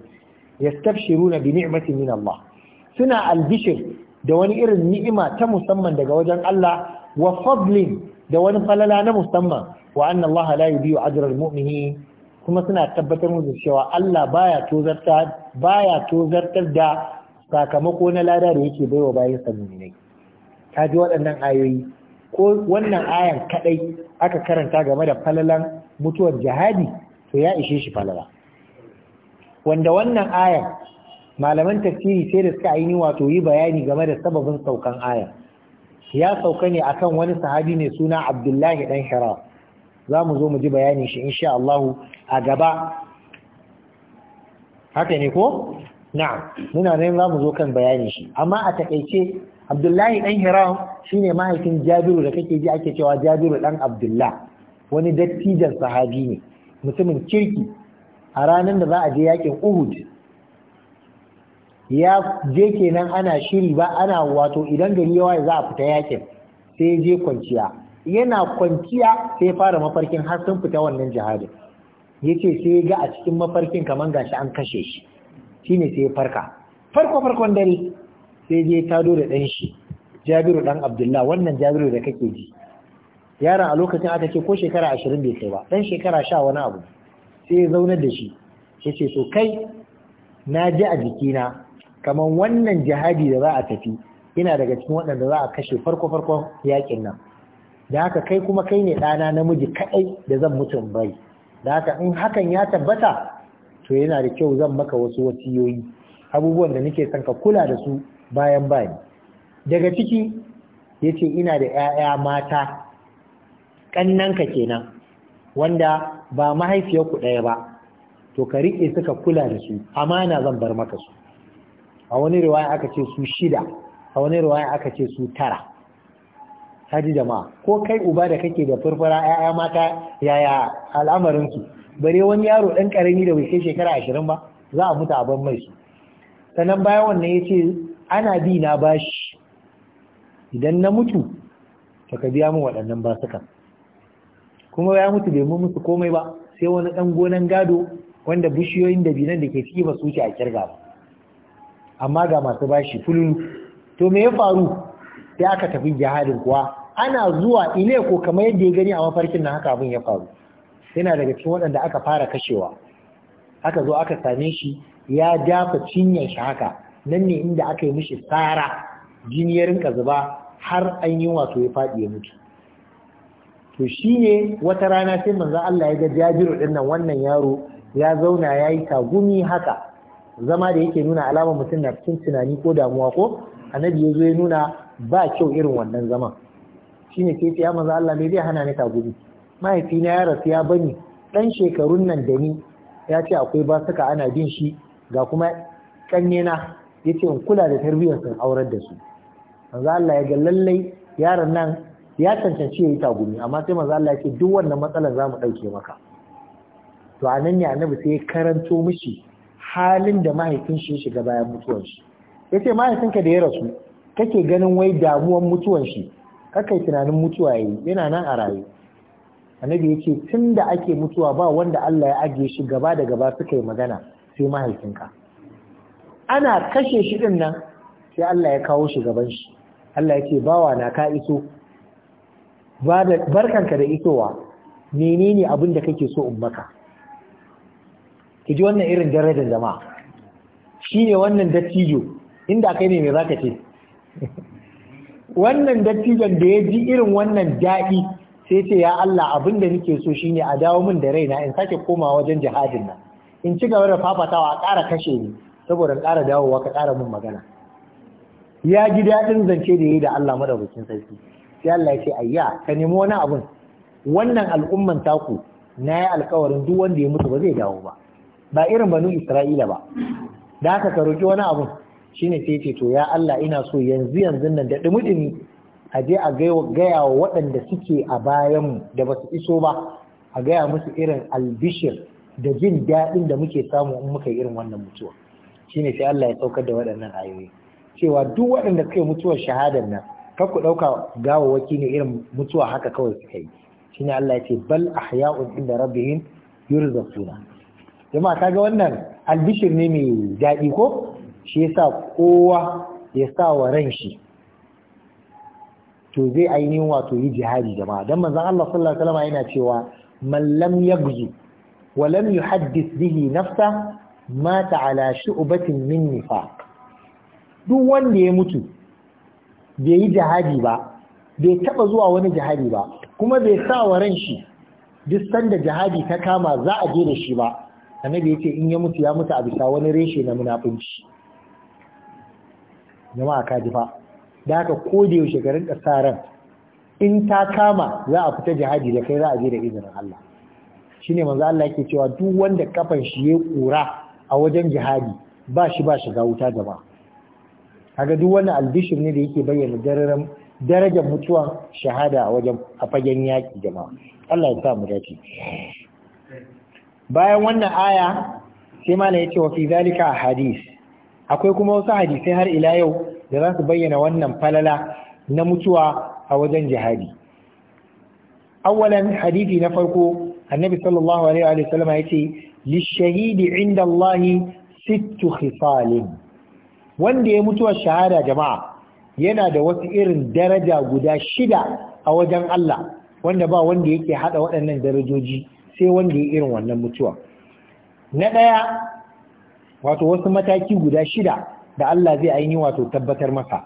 yastabshiruna bi ni'matin min Allah suna albishir da wani irin ni'ima ta musamman daga wajen Allah wa fadlin da wani falala na musamman wa anna Allah la yudiyu ajral mu'mini kuma suna tabbatar musu cewa Allah baya tozartar da sakamako na lada da yake baiwa bayan sa mu'minai ka ji waɗannan ayoyi ko wannan ayan kaɗai aka karanta game da falalan mutuwar jihadi to ya ishe shi falala wanda wannan ayan malaman tafsiri sai da suka aini wato yi bayani game da sababin saukan ayan ya sauka ne akan wani sahabi ne suna abdullahi dan hira za mu zo mu ji bayanin shi insha Allah a gaba haka ne ko na'am muna nan za mu zo kan bayanin shi amma a takaice abdullahi dan hiram shine mahaifin jabiru da kake ji ake cewa jabiru dan abdullah wani dattijan sahabi ne mutumin kirki a ranar da za a je yakin uhud ya je kenan ana shiri ba ana wato idan gari yawa za a fita yakin sai ya je kwanciya yana kwanciya sai ya fara mafarkin har sun fita wannan jihadin ce sai ya ga a cikin mafarkin kamar gashi an kashe shi shine sai ya farka farko farkon dare sai ya je tado da dan shi Jabiru dan Abdullah wannan Jabiru da kake ji yaron a lokacin aka ce ko shekara 20 bai kai ba dan shekara 10 wani abu sai ya zaunar da shi yace to kai na ji a jikina kamar wannan jihadi da za a tafi ina daga cikin waɗanda za a kashe farko-farkon yakin nan da haka kai kuma kai ne ɗana namiji kaɗai da zan mutum bai da haka in hakan ya tabbata to yana da kyau zan maka wasu wasiyoyi abubuwan da nake son ka kula da su bayan bani daga ciki ya ce ina da 'ya'ya mata ƙannanka kenan wanda ba mahaifiyarku ɗaya ba to ka riƙe suka kula da su amana zan bar maka su a wani riwaya aka ce su shida a wani riwaya aka ce su tara haji jama'a ko kai uba da kake da furfura ya'ya mata yaya al'amarin su bare wani yaro ɗan ƙarami da bai kai shekara ashirin ba za a mutu abin mai su sannan bayan wannan ya ce ana bi na bashi idan na mutu to ka biya min waɗannan basukan kuma ya mutu bai mu musu komai ba sai wani ɗan gonan gado wanda bishiyoyin da binan da ke ciki ba su wuce a kirga ba amma ga masu bashi fululu to me ya faru sai aka tafi jihadin kuwa ana zuwa ile ko kamar yadda ya gani a mafarkin nan haka abin ya faru yana daga cikin waɗanda aka fara kashewa aka zo aka same shi ya dafa cinyar shi haka nan ne inda aka yi mishi tsara jiniyar rinka zuba har an yi wato ya faɗi ya mutu to shi ne wata rana sai manzo Allah ya ga jabiru ɗin wannan yaro ya zauna ya yi tagumi haka zama da yake nuna alamar mutum na cikin tunani ko damuwa ko annabi ya zo ya nuna ba kyau irin wannan zaman shine ke ya manzo Allah ne zai hana ni tagumi mahaifina ya rasu ya bani dan shekarun nan da ni ya ce akwai basuka ana bin shi ga kuma kanne na yace in kula da tarbiyyar sun aurar da su manzo Allah ya ga lallai yaron nan ya cancanci ya yi tagumi amma sai manzo Allah ya ce duk wannan matsalar za mu ɗauke maka to anan ne annabi sai ya karanto mishi halin da mahaifin shi ya shiga bayan mutuwan shi yace mahaifinka da ya rasu kake ganin wai damuwan mutuwan shi kakai tunanin mutuwa yayi yana nan a rayu annabi yace tunda ake mutuwa ba wanda Allah ya ajiye shi gaba da gaba suka yi magana sai mahaifinka ana kashe shi din nan sai Allah ya kawo shi gaban shi Allah yace bawa na ka iso barkanka da isowa menene abin da kake so in maka ki ji wannan irin darajar jama'a shi ne wannan dattijo inda kai ne mai zaka ce wannan dattijon da ya ji irin wannan daɗi sai ce ya Allah abin da nake so shi ne a dawo min da raina in sake koma wajen jihadin nan in ci gaba da fafatawa a ƙara kashe ni saboda ƙara dawowa ka ƙara min magana ya ji daɗin zance da ya yi da Allah madaukakin sarki sai Allah ya ce ayya ka nemi wani abun wannan al'umman taku na yi alkawarin duk wanda ya mutu ba zai dawo ba ba irin banu isra'ila ba da aka ka roƙi wani abu shine sai ce to ya Allah ina so yanzu yanzu nan da dumi a je a gaya wa waɗanda suke a bayan mu da basu iso ba a gaya musu irin albishir da jin daɗin da muke samu in muka yi irin wannan mutuwa shine sai Allah ya saukar da waɗannan ayoyi cewa duk waɗanda suke mutuwar shahadar nan kar ku ɗauka gawawwaki ne irin mutuwa haka kawai suka yi shine Allah ya ce bal ahya'un inda rabbihim yurzaquna jama'a kaga wannan albishir ne mai daɗi ko shi ya sa kowa ya sa wa ran shi to zai ainihin wato yi jihadi jama'a Don manzan Allah sallallahu alaihi wasallam yana cewa man lam yabzu wa lam yuhaddith bihi nafsa mata ala shu'batin min nifaq duk wanda ya mutu bai yi jihadi ba bai taba zuwa wani jihadi ba kuma bai sa wa ran shi duk sanda jihadi ta kama za a je da shi ba annabi ya ce in ya mutu ya mutu a bisa wani reshe na munafunci jama'a ka fa da haka ko da yaushe garin ran in ta kama za a fita jihadi da kai za a je da izinin Allah shine manzo Allah yake cewa duk wanda kafan shi ya kura a wajen jihadi ba shi ba shiga wuta gaba kaga duk wani albishir ne da yake bayyana dararan darajar mutuwan shahada a wajen a fagen yaki jama'a Allah ya sa mu dace bayan wannan aya sai mala ya ce wa fi zalika hadis akwai kuma wasu hadisai har ila yau da za su bayyana wannan falala na mutuwa a wajen jihadi Awalan hadisi na farko annabi sallallahu alaihi wa sallam ya ce lishahidi inda Allahi sittu khisalin wanda ya mutuwa shahada jama'a yana da wasu irin daraja guda shida a wajen Allah wanda ba wanda yake hada waɗannan darajoji sai wanda ya irin wannan mutuwa na ɗaya wato wasu mataki guda shida da Allah zai aini wato tabbatar masa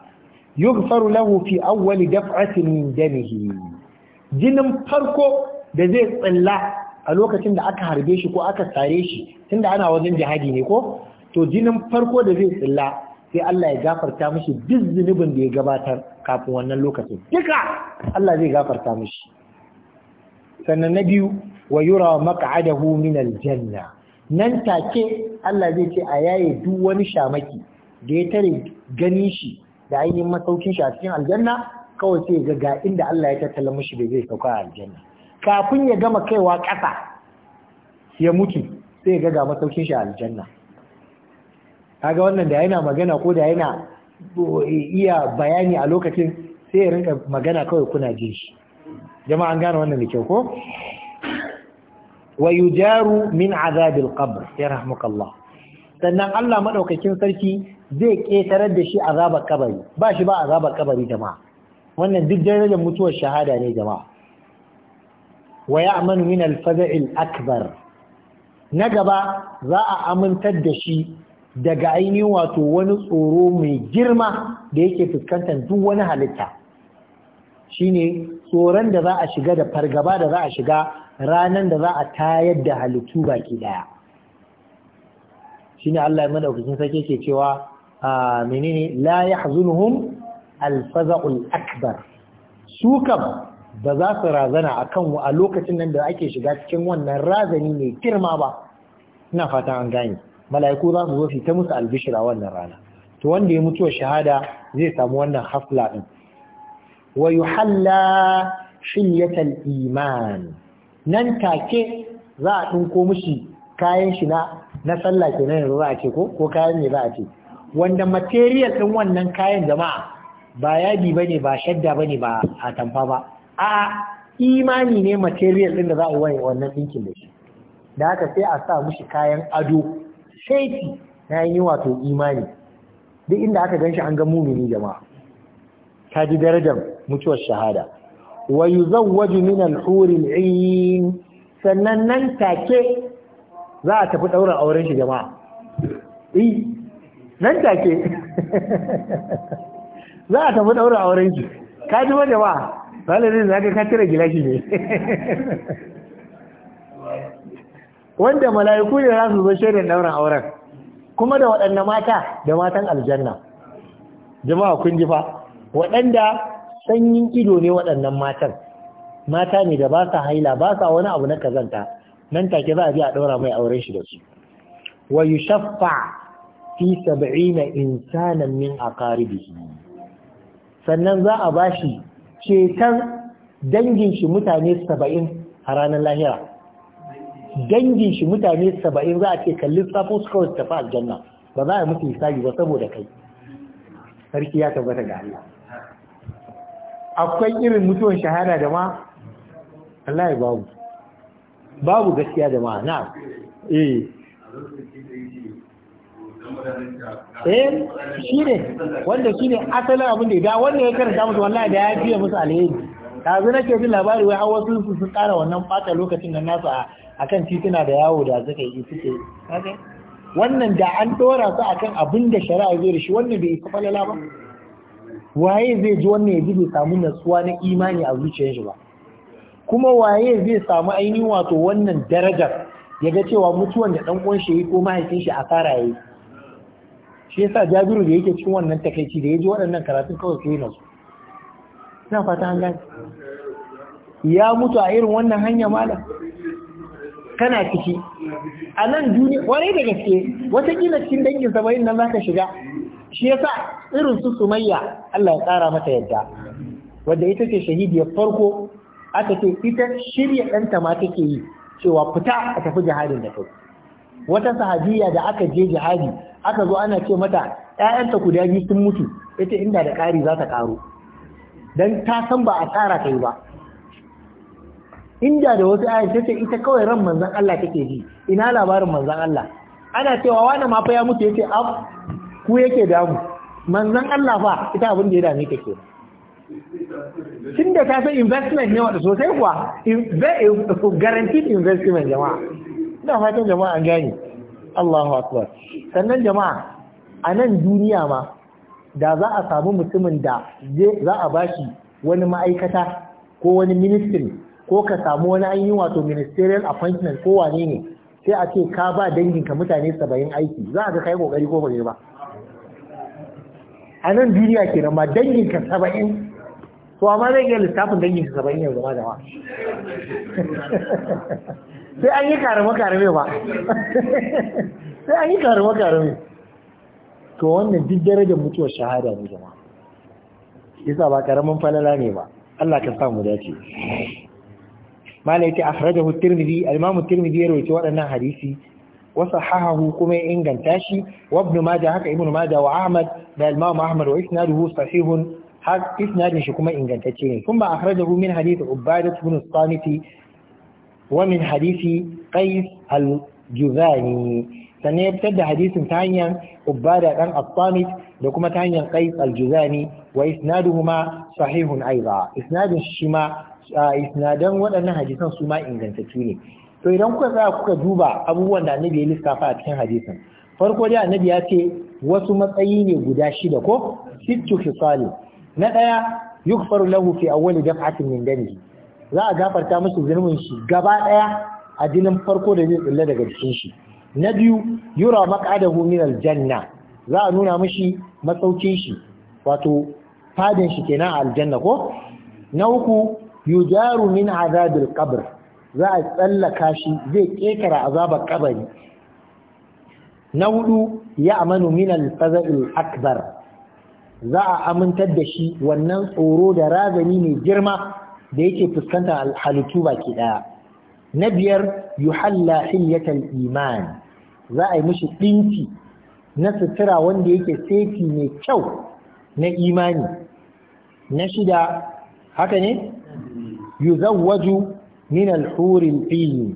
yughfaru lahu fi awwali daf'atin min damihi jinin farko da zai tsalla a lokacin da aka harbe shi ko aka sare shi tunda ana wajen jihadi ne ko to jinin farko da zai tsalla sai Allah ya gafarta mishi duk zunubin da ya gabatar kafin wannan lokacin duka Allah zai gafarta mishi sannan na biyu wa yura maq'adahu min aljanna nan take Allah zai ce a yaye duk wani shamaki da ya tare gani shi da ainihin masaukin shi a cikin aljanna kawai sai ga ga inda Allah ya tattala mishi da zai sauka a aljanna kafin ya gama kaiwa ƙasa ya mutu sai ga ga masaukin shi a aljanna kaga wannan da yana magana ko da yana eh, iya bayani a lokacin sai ya rinka magana kawai kuna jin shi jama'a an gane wannan da kyau ko wa yujaru min azabil qabr ya rahmukallah sannan Allah madaukakin sarki zai ketarar da shi azabar kabari ba shi ba azabar kabari jama'a wannan duk darajar mutuwar shahada ne jama'a wa ya'manu min al-faza'il akbar na gaba za a amintar da shi daga ainihin wato wani tsoro mai girma da yake fuskantar duk wani halitta shine tsoron da za a shiga da fargaba da za a shiga ranan da za a tayar da halittu baki daya shine Allah ya madaukakin sarki yake cewa ah, menene la yahzunuhum al akbar su kam ba za su razana akan a lokacin nan da ake shiga cikin wannan razani mai girma ba ina fatan an gane mala'iku za su zo fita ta musu albishira wannan rana to wanda ya mutuwa shahada zai samu wannan hafla din wa yuhalla shilyatal iman nan take za a ɗinko mishi kayan shi na na sallah ke nan yanzu za a ce ko ko kayan ne za a ce wanda material ɗin wannan kayan jama'a ba yadi ba ne ba shadda ba ne ba a tamfa ba a imani ne material ɗin da za a yi wannan ɗinkin da shi da haka sai a sa mishi kayan ado saiti na yi wato imani duk inda aka gan shi an ga mumini jama'a ta ji darajar mutuwar shahada wa yuzawwaju min al-huril 'ayn sannan nan take za a tafi ɗaurin auren shi jama'a eh nan take za a tafi ɗaurin auren shi ka ji wanda ba ɗalibin za ka katira gilashi ne wanda mala'iku ne za su zo shaidan ɗaurin auren kuma da waɗanne mata da matan aljanna jama'a kun ji fa waɗanda sanyin ido ne waɗannan matan mata ne da ba sa haila ba sa wani abu na kazanta nan take za a je a ɗaura mai auren shi da su wa yushaffa fi sab'ina insanan min aqaribihi sannan za a bashi cetan dangin shi mutane 70 a ranar lahira dangin shi mutane 70 za a ce kalli safo suka tafi aljanna ba za a musu hisabi ba saboda kai sarki ya tabbata ga Allah akwai irin mutuwan shahada da ma Allah ya babu babu gaskiya da ma na eh eh shi ne wanda shi ne asalin abin da ya wanda ya karanta musu wallahi da ya fiye musu alheri yanzu nake jin labari wai har wasu su sun kara wannan fata lokacin da nasu a kan tituna da yawo da suka yi suke wannan da an ɗora su akan abin da shari'a zai da shi wannan bai yi falala ba waye zai ji wannan ya ji bai samu natsuwa na imani a zuciyar shi ba kuma waye zai samu ainihin wato wannan darajar ya ga cewa mutuwan da dan uwan shi ko mahaifin shi fara yayi shi yasa Jabiru da yake cikin wannan takaici da ya ji waɗannan karatun kawai sai nasu ina fata an gani ya mutu a irin wannan hanya malam kana ciki a nan duniya wani da gaske wata cikin dangin sabayin nan zaka shiga shi yasa irin su sumayya Allah ya tsara mata yadda wanda ita ce shahidiyar farko aka ce ita shirya ɗanta ma take yi cewa fita a tafi jihadin da kai wata sahabiya da aka je jihadi aka zo ana ce mata ‘ya'yanta guda biyu sun mutu ita inda da ƙari za ta ƙaru don ta san ba a tsara ta yi ba inda da wasu ayan ta ce ita kawai ran manzan Allah take ji ina labarin manzan Allah ana cewa wani mafa ya mutu ya ce ku yake damu manzan Allah fa ita abin da ya dame ka kenan tun da ta san investment ne wata sosai kuwa guaranteed investment jama'a ina fatan jama'a an gani Allahu akbar sannan jama'a a nan duniya ma da za a samu mutumin da za a bashi wani ma'aikata ko wani ministry ko ka samu wani an yi wato ministerial appointment ko wane ne sai a ce ka ba danginka mutane saba'in aiki za a ga kai kokari ko ba ba a nan duniya kenan ma dangin ka saba'in to amma zai iya lissafin dangin ka saba'in yanzu ma da ma sai an yi karama karame ba sai an yi karama karame to wannan duk darajar mutuwar shahada ne jama'a yasa ba karamin falala ne ba Allah ka samu dace malaka ta akhrajahu tirmidhi al-imam tirmidhi ya rawaito waɗannan hadisi وصححه كما إنغان تاشي وابن ماجه هكا ابن ماجه وأحمد ده المام أحمد وإسناده صحيح هك إسناد شكما إنغان a ثم أخرجه من حديث عبادة بن الصامت ومن حديث قيس الجذاني sannan ya fitar da hadisin ta hanyar ubada, dan as da kuma ta hanyar qais al-juzani wa isnaduhuma sahihun shi waɗannan hadisan su ma ne to idan kuka tsaya kuka duba abubuwan da annabi ya lissafa a cikin hadisin farko dai annabi ya ce wasu matsayi ne guda shida ko sittu fisali na daya yukfaru lahu fi awwali daf'atin min damihi za a gafarta musu zulmin shi gaba daya a jinin farko da zai tsalle daga cikin shi na biyu yura maq'adahu min aljanna za a nuna mishi masaukin shi wato fadin shi kenan a aljanna ko na uku yujaru min azabil qabr za a tsallaka shi zai ƙekara azabar kabari na hudu ya amanu min fazail akbar za a amintar da shi wannan tsoro da razani mai girma da yake fuskanta halittu baki daya na biyar yuhalla hilyatal iman za a yi mishi ɗinki na sutura wanda yake seti mai kyau na imani na shida haka ne yuzawwaju min al-huril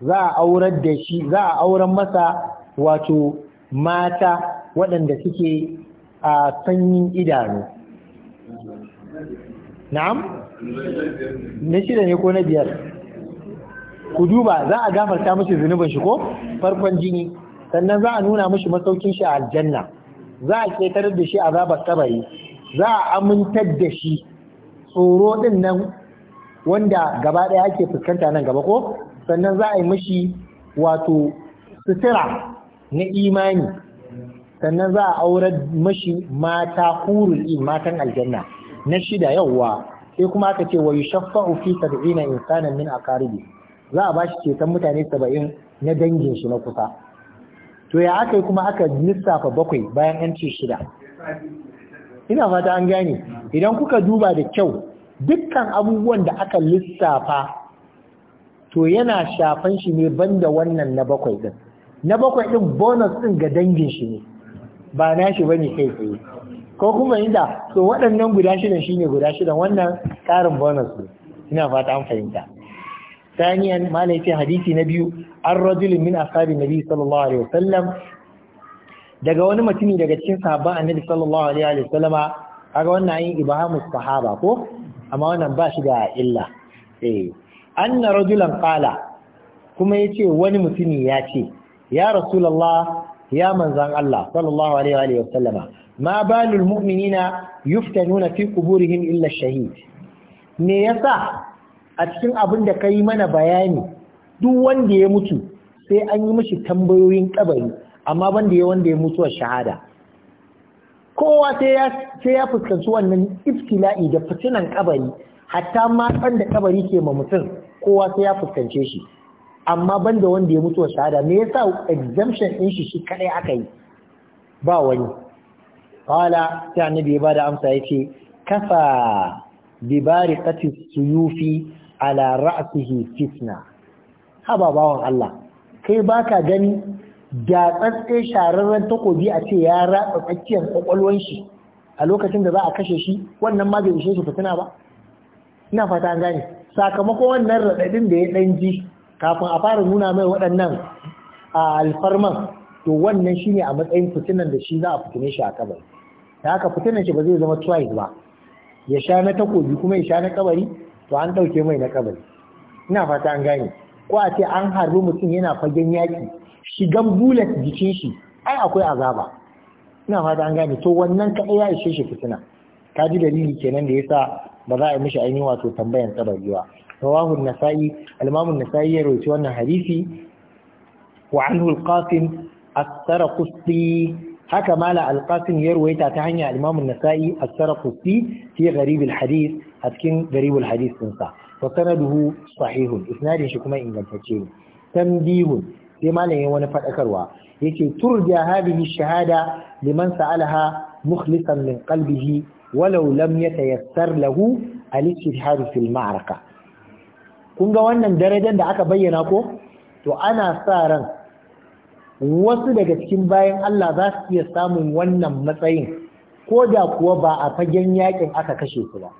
za a aurar da shi za a auren masa wato mata waɗanda suke a sanyin idanu na'am na shida ne ko na biyar ku duba za a gafarta mishi zunubin shi ko farkon jini sannan za a nuna mishi masaukin shi a aljanna za a ketar da shi azabar kabari za a amintar da shi tsoro din nan wanda gaba ɗaya ake fuskanta nan gaba ko sannan za a yi mashi wato sutura na imani sannan za a aurar mashi mata hurul in matan aljanna na shida yawwa sai kuma aka ce wa yushaffa'u fi sab'ina insanan min aqaribi za a bashi ceton mutane saba'in na dangin shi na kusa to ya aka kuma aka lissafa bakwai bayan an shida ina fata an gane idan kuka duba da kyau dukkan abubuwan da aka lissafa to yana shafan shi ne banda wannan na bakwai din na bakwai din bonus din ga dangin shi ne ba na shi bane kai tsaye ko kuma inda to waɗannan guda shidan shine guda shidan wannan karin bonus ne ina fata an fahimta ثانيا ما ليس حديثي نبي الرجل من أصحاب النبي صلى الله عليه وسلم daga wani mutumi daga cikin sahabban annabi sallallahu alaihi wa sallama kaga wannan yin ibahamu sahaba ko amma wannan ba shi da illa eh anna rajulan qala kuma yace wani mutumi ya ce ya rasulullah ya manzan Allah sallallahu alaihi wa ma balul mu'minina yuftanuna fi quburihim illa ash-shahid me yasa a cikin abin da kai mana bayani duk wanda ya mutu sai an yi mishi tambayoyin kabari amma banda ya wanda ya mutu a shahada kowa sai ya fuskanci wannan iftila'i da fitinan kabari hatta san da kabari ke ma mutum kowa sai ya fuskance shi amma banda wanda ya mutu wa shahada me yasa exemption din shi shi kadai aka yi ba wani wala sai annabi ya bada amsa yace kafa bi bariqati suyufi ala ra'sihi fitna haba bawan Allah kai baka gani tsatsai shararren takobi a ce ya ratsa tsakiyar kwakwalwan shi a lokacin da za a kashe shi wannan ma bai shi fitina ba ina fata an gane sakamakon wannan raɗaɗin da ya ɗan ji kafin a fara nuna mai waɗannan a alfarman to wannan shine a matsayin fitinan da shi za a fitine shi a kabari da haka fitinan shi ba zai zama twice ba ya sha na takobi kuma ya sha na kabari to an ɗauke mai na kabari ina fata an gane ko a ce an harbi mutum yana fagen yaki shigan bulet jikin shi ai akwai azaba ina fata an gane to wannan kaɗai ya ishe shi fitina ka ji dalili kenan da yasa ba za a yi mishi ainihin wato tambayan tsabari ba rawahu nasa'i al-imam an-nasa'i ya rawaito wannan hadisi wa anhu al-qasim as-sarqusti haka mala al-qasim ya rawaita ta hanya al Nasayi, an-nasa'i as-sarqusti fi gharib al-hadith a cikin gharib al-hadith din wa sanaduhu sahihun isnadin shi kuma ingantacce ne tanbihun sai malam ya wani fadakarwa yake turja hadhihi shahada liman sa'alaha mukhlisan min qalbihi walau lam yatayassar lahu al-istihar fil kun ga wannan darajar da aka bayyana ko to ana sa ran wasu daga cikin bayan Allah za su iya samun wannan matsayin ko da kuwa ba a fagen yakin aka kashe su ba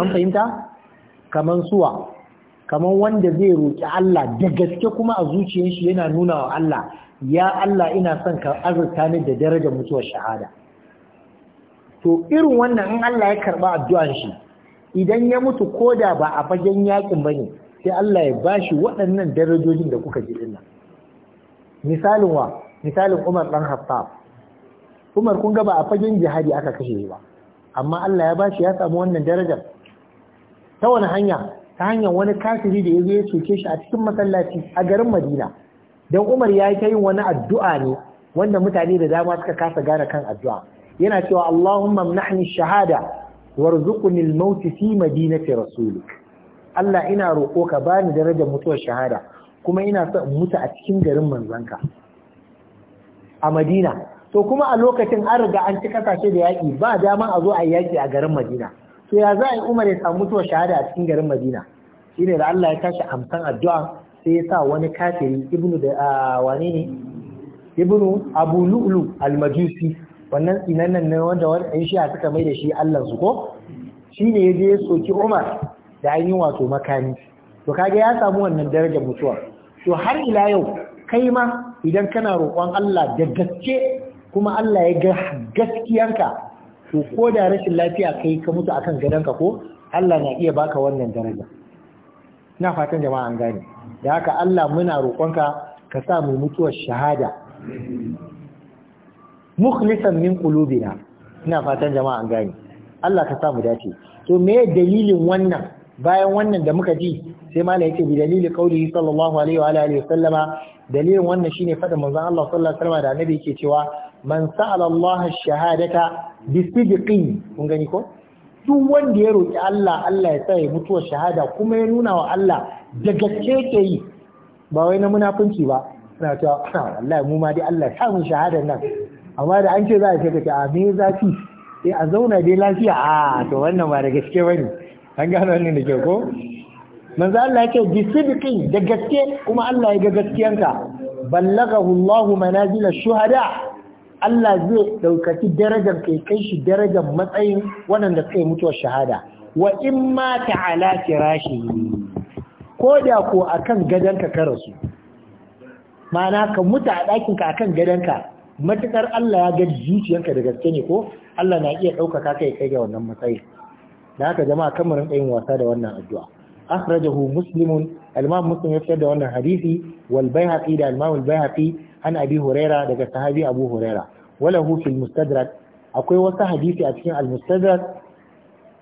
an fahimta kaman suwa kamar wanda zai roƙi Allah da gaske kuma a zuciyar shi yana nuna wa Allah ya Allah ina son ka azurta ni da darajar mutuwar shahada to irin wannan in Allah ya karba addu'an shi idan ya mutu koda ba a fagen yakin bane sai Allah ya bashi waɗannan darajojin da kuka ji dinnan misalin wa misalin Umar dan Khattab Umar kun ga ba a fagen jihadi aka kashe shi ba amma Allah ya bashi ya samu wannan darajar ta wani hanya ta hanyar wani kafiri da ya zo ya cuce shi a cikin masallaci a garin madina don umar ya yi ta yin wani addu'a ne wanda mutane da dama suka kasa gane kan addu'a yana cewa Allahumma mnahni shahada warzuqni al-maut fi madinati rasulik Allah ina roko ka bani darajar mutuwar shahada kuma ina son in mutu a cikin garin manzanka a Madina to kuma a lokacin an riga an ci kasashe da yaƙi ba dama a zo a yaƙi a garin Madina to ya za a yi Umar ya samu mutuwar shahada a cikin garin Madina ne da Allah ya tashi amsan addu'a sai ya sa wani kafiri ibnu da wane ne ibnu Abu Lu'lu al-Majusi wannan tsinannan ne wanda wani shi suka mai da shi Allah su ko Shi ne ya je ya soki Umar da an yi wato makami to kage ya samu wannan darajar mutuwa to har ila yau kai ma idan kana roƙon Allah da gaske kuma Allah ya ga gaskiyanka to ko da rashin lafiya kai ka mutu akan gadonka ko Allah na iya baka wannan daraja ina fatan jama'a an gane da haka Allah muna roƙonka ka sa mu mutuwar shahada mukhlisan min qulubina ina fatan jama'a an gane Allah ka sa mu dace to me dalilin wannan bayan wannan da muka ji sai malai ce bi dalili qauli sallallahu alaihi wa alihi wasallama dalilin wannan shine faɗin manzon Allah sallallahu alaihi wasallam da annabi yake cewa man sa'ala Allah ash-shahadata bi sidqi kun gani ko duk wanda ya roki Allah Allah ya sa mutuwar shahada kuma ya nuna wa Allah da gaske yake yi ba wai na munafunci ba suna cewa ah, wallahi mu ma dai Allah ya samu shahadar nan amma da an ce za a ce kace a ah, me zafi sai a zauna dai lafiya a ah, to wannan ba da gaske bane an gano wannan da kyau ko manzo Allah yake bi sidqi da gaske kuma Allah ya ga gaskiyanka ballagahu Allah manazila shuhada Allah zai daukaki darajar kai kai shi darajar matsayin waɗanda suka yi mutuwar shahada wa in ma ta'ala kirashi ko da ko akan gadanka ka rasu ma'ana ka mutu a ɗakin ka akan gadanka matukar Allah ya ga zuciyanka da gaske ne ko Allah na iya ɗaukaka kai kai ga wannan matsayi da haka jama'a kamarin ɗayin wasa da wannan addu'a akhrajahu muslimun al-imam muslim ya fitar da wannan hadisi wal da al-imam al-baihaqi an abi daga sahabi abu huraira wala hu mustadrak akwai wasu hadisi a cikin al-mustadrak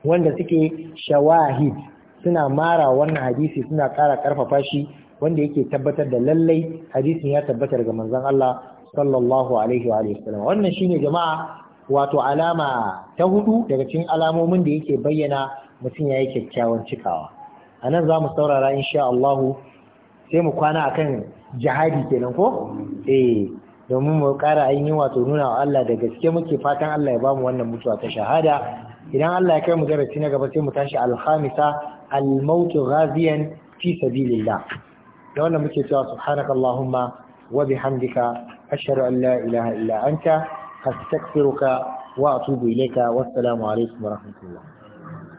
wanda suke shawahid suna mara wannan hadisi suna kara karfafa shi wanda yake tabbatar da lallai hadisin ya tabbatar ga manzon Allah sallallahu alaihi wa alihi wannan shine jama'a wato alama ta hudu daga cikin alamomin da yake bayyana mutum ya yi kyakkyawan cikawa a nan za mu saurara in sha Allahu sai mu kwana akan jihadi kenan ko? eh domin mu kara ainihin wato nuna wa Allah da gaske muke fatan Allah ya ba mu wannan mutuwa ta shahada idan Allah ya kai mu garaci na gaba sai mu tashi alhamisa almautu ghaziyan fi sabilillah da wannan muke cewa subhanaka allahumma wa bihamdika ashhadu an la ilaha illa anta astaghfiruka wa atubu ilayka wassalamu alaikum wa rahmatullah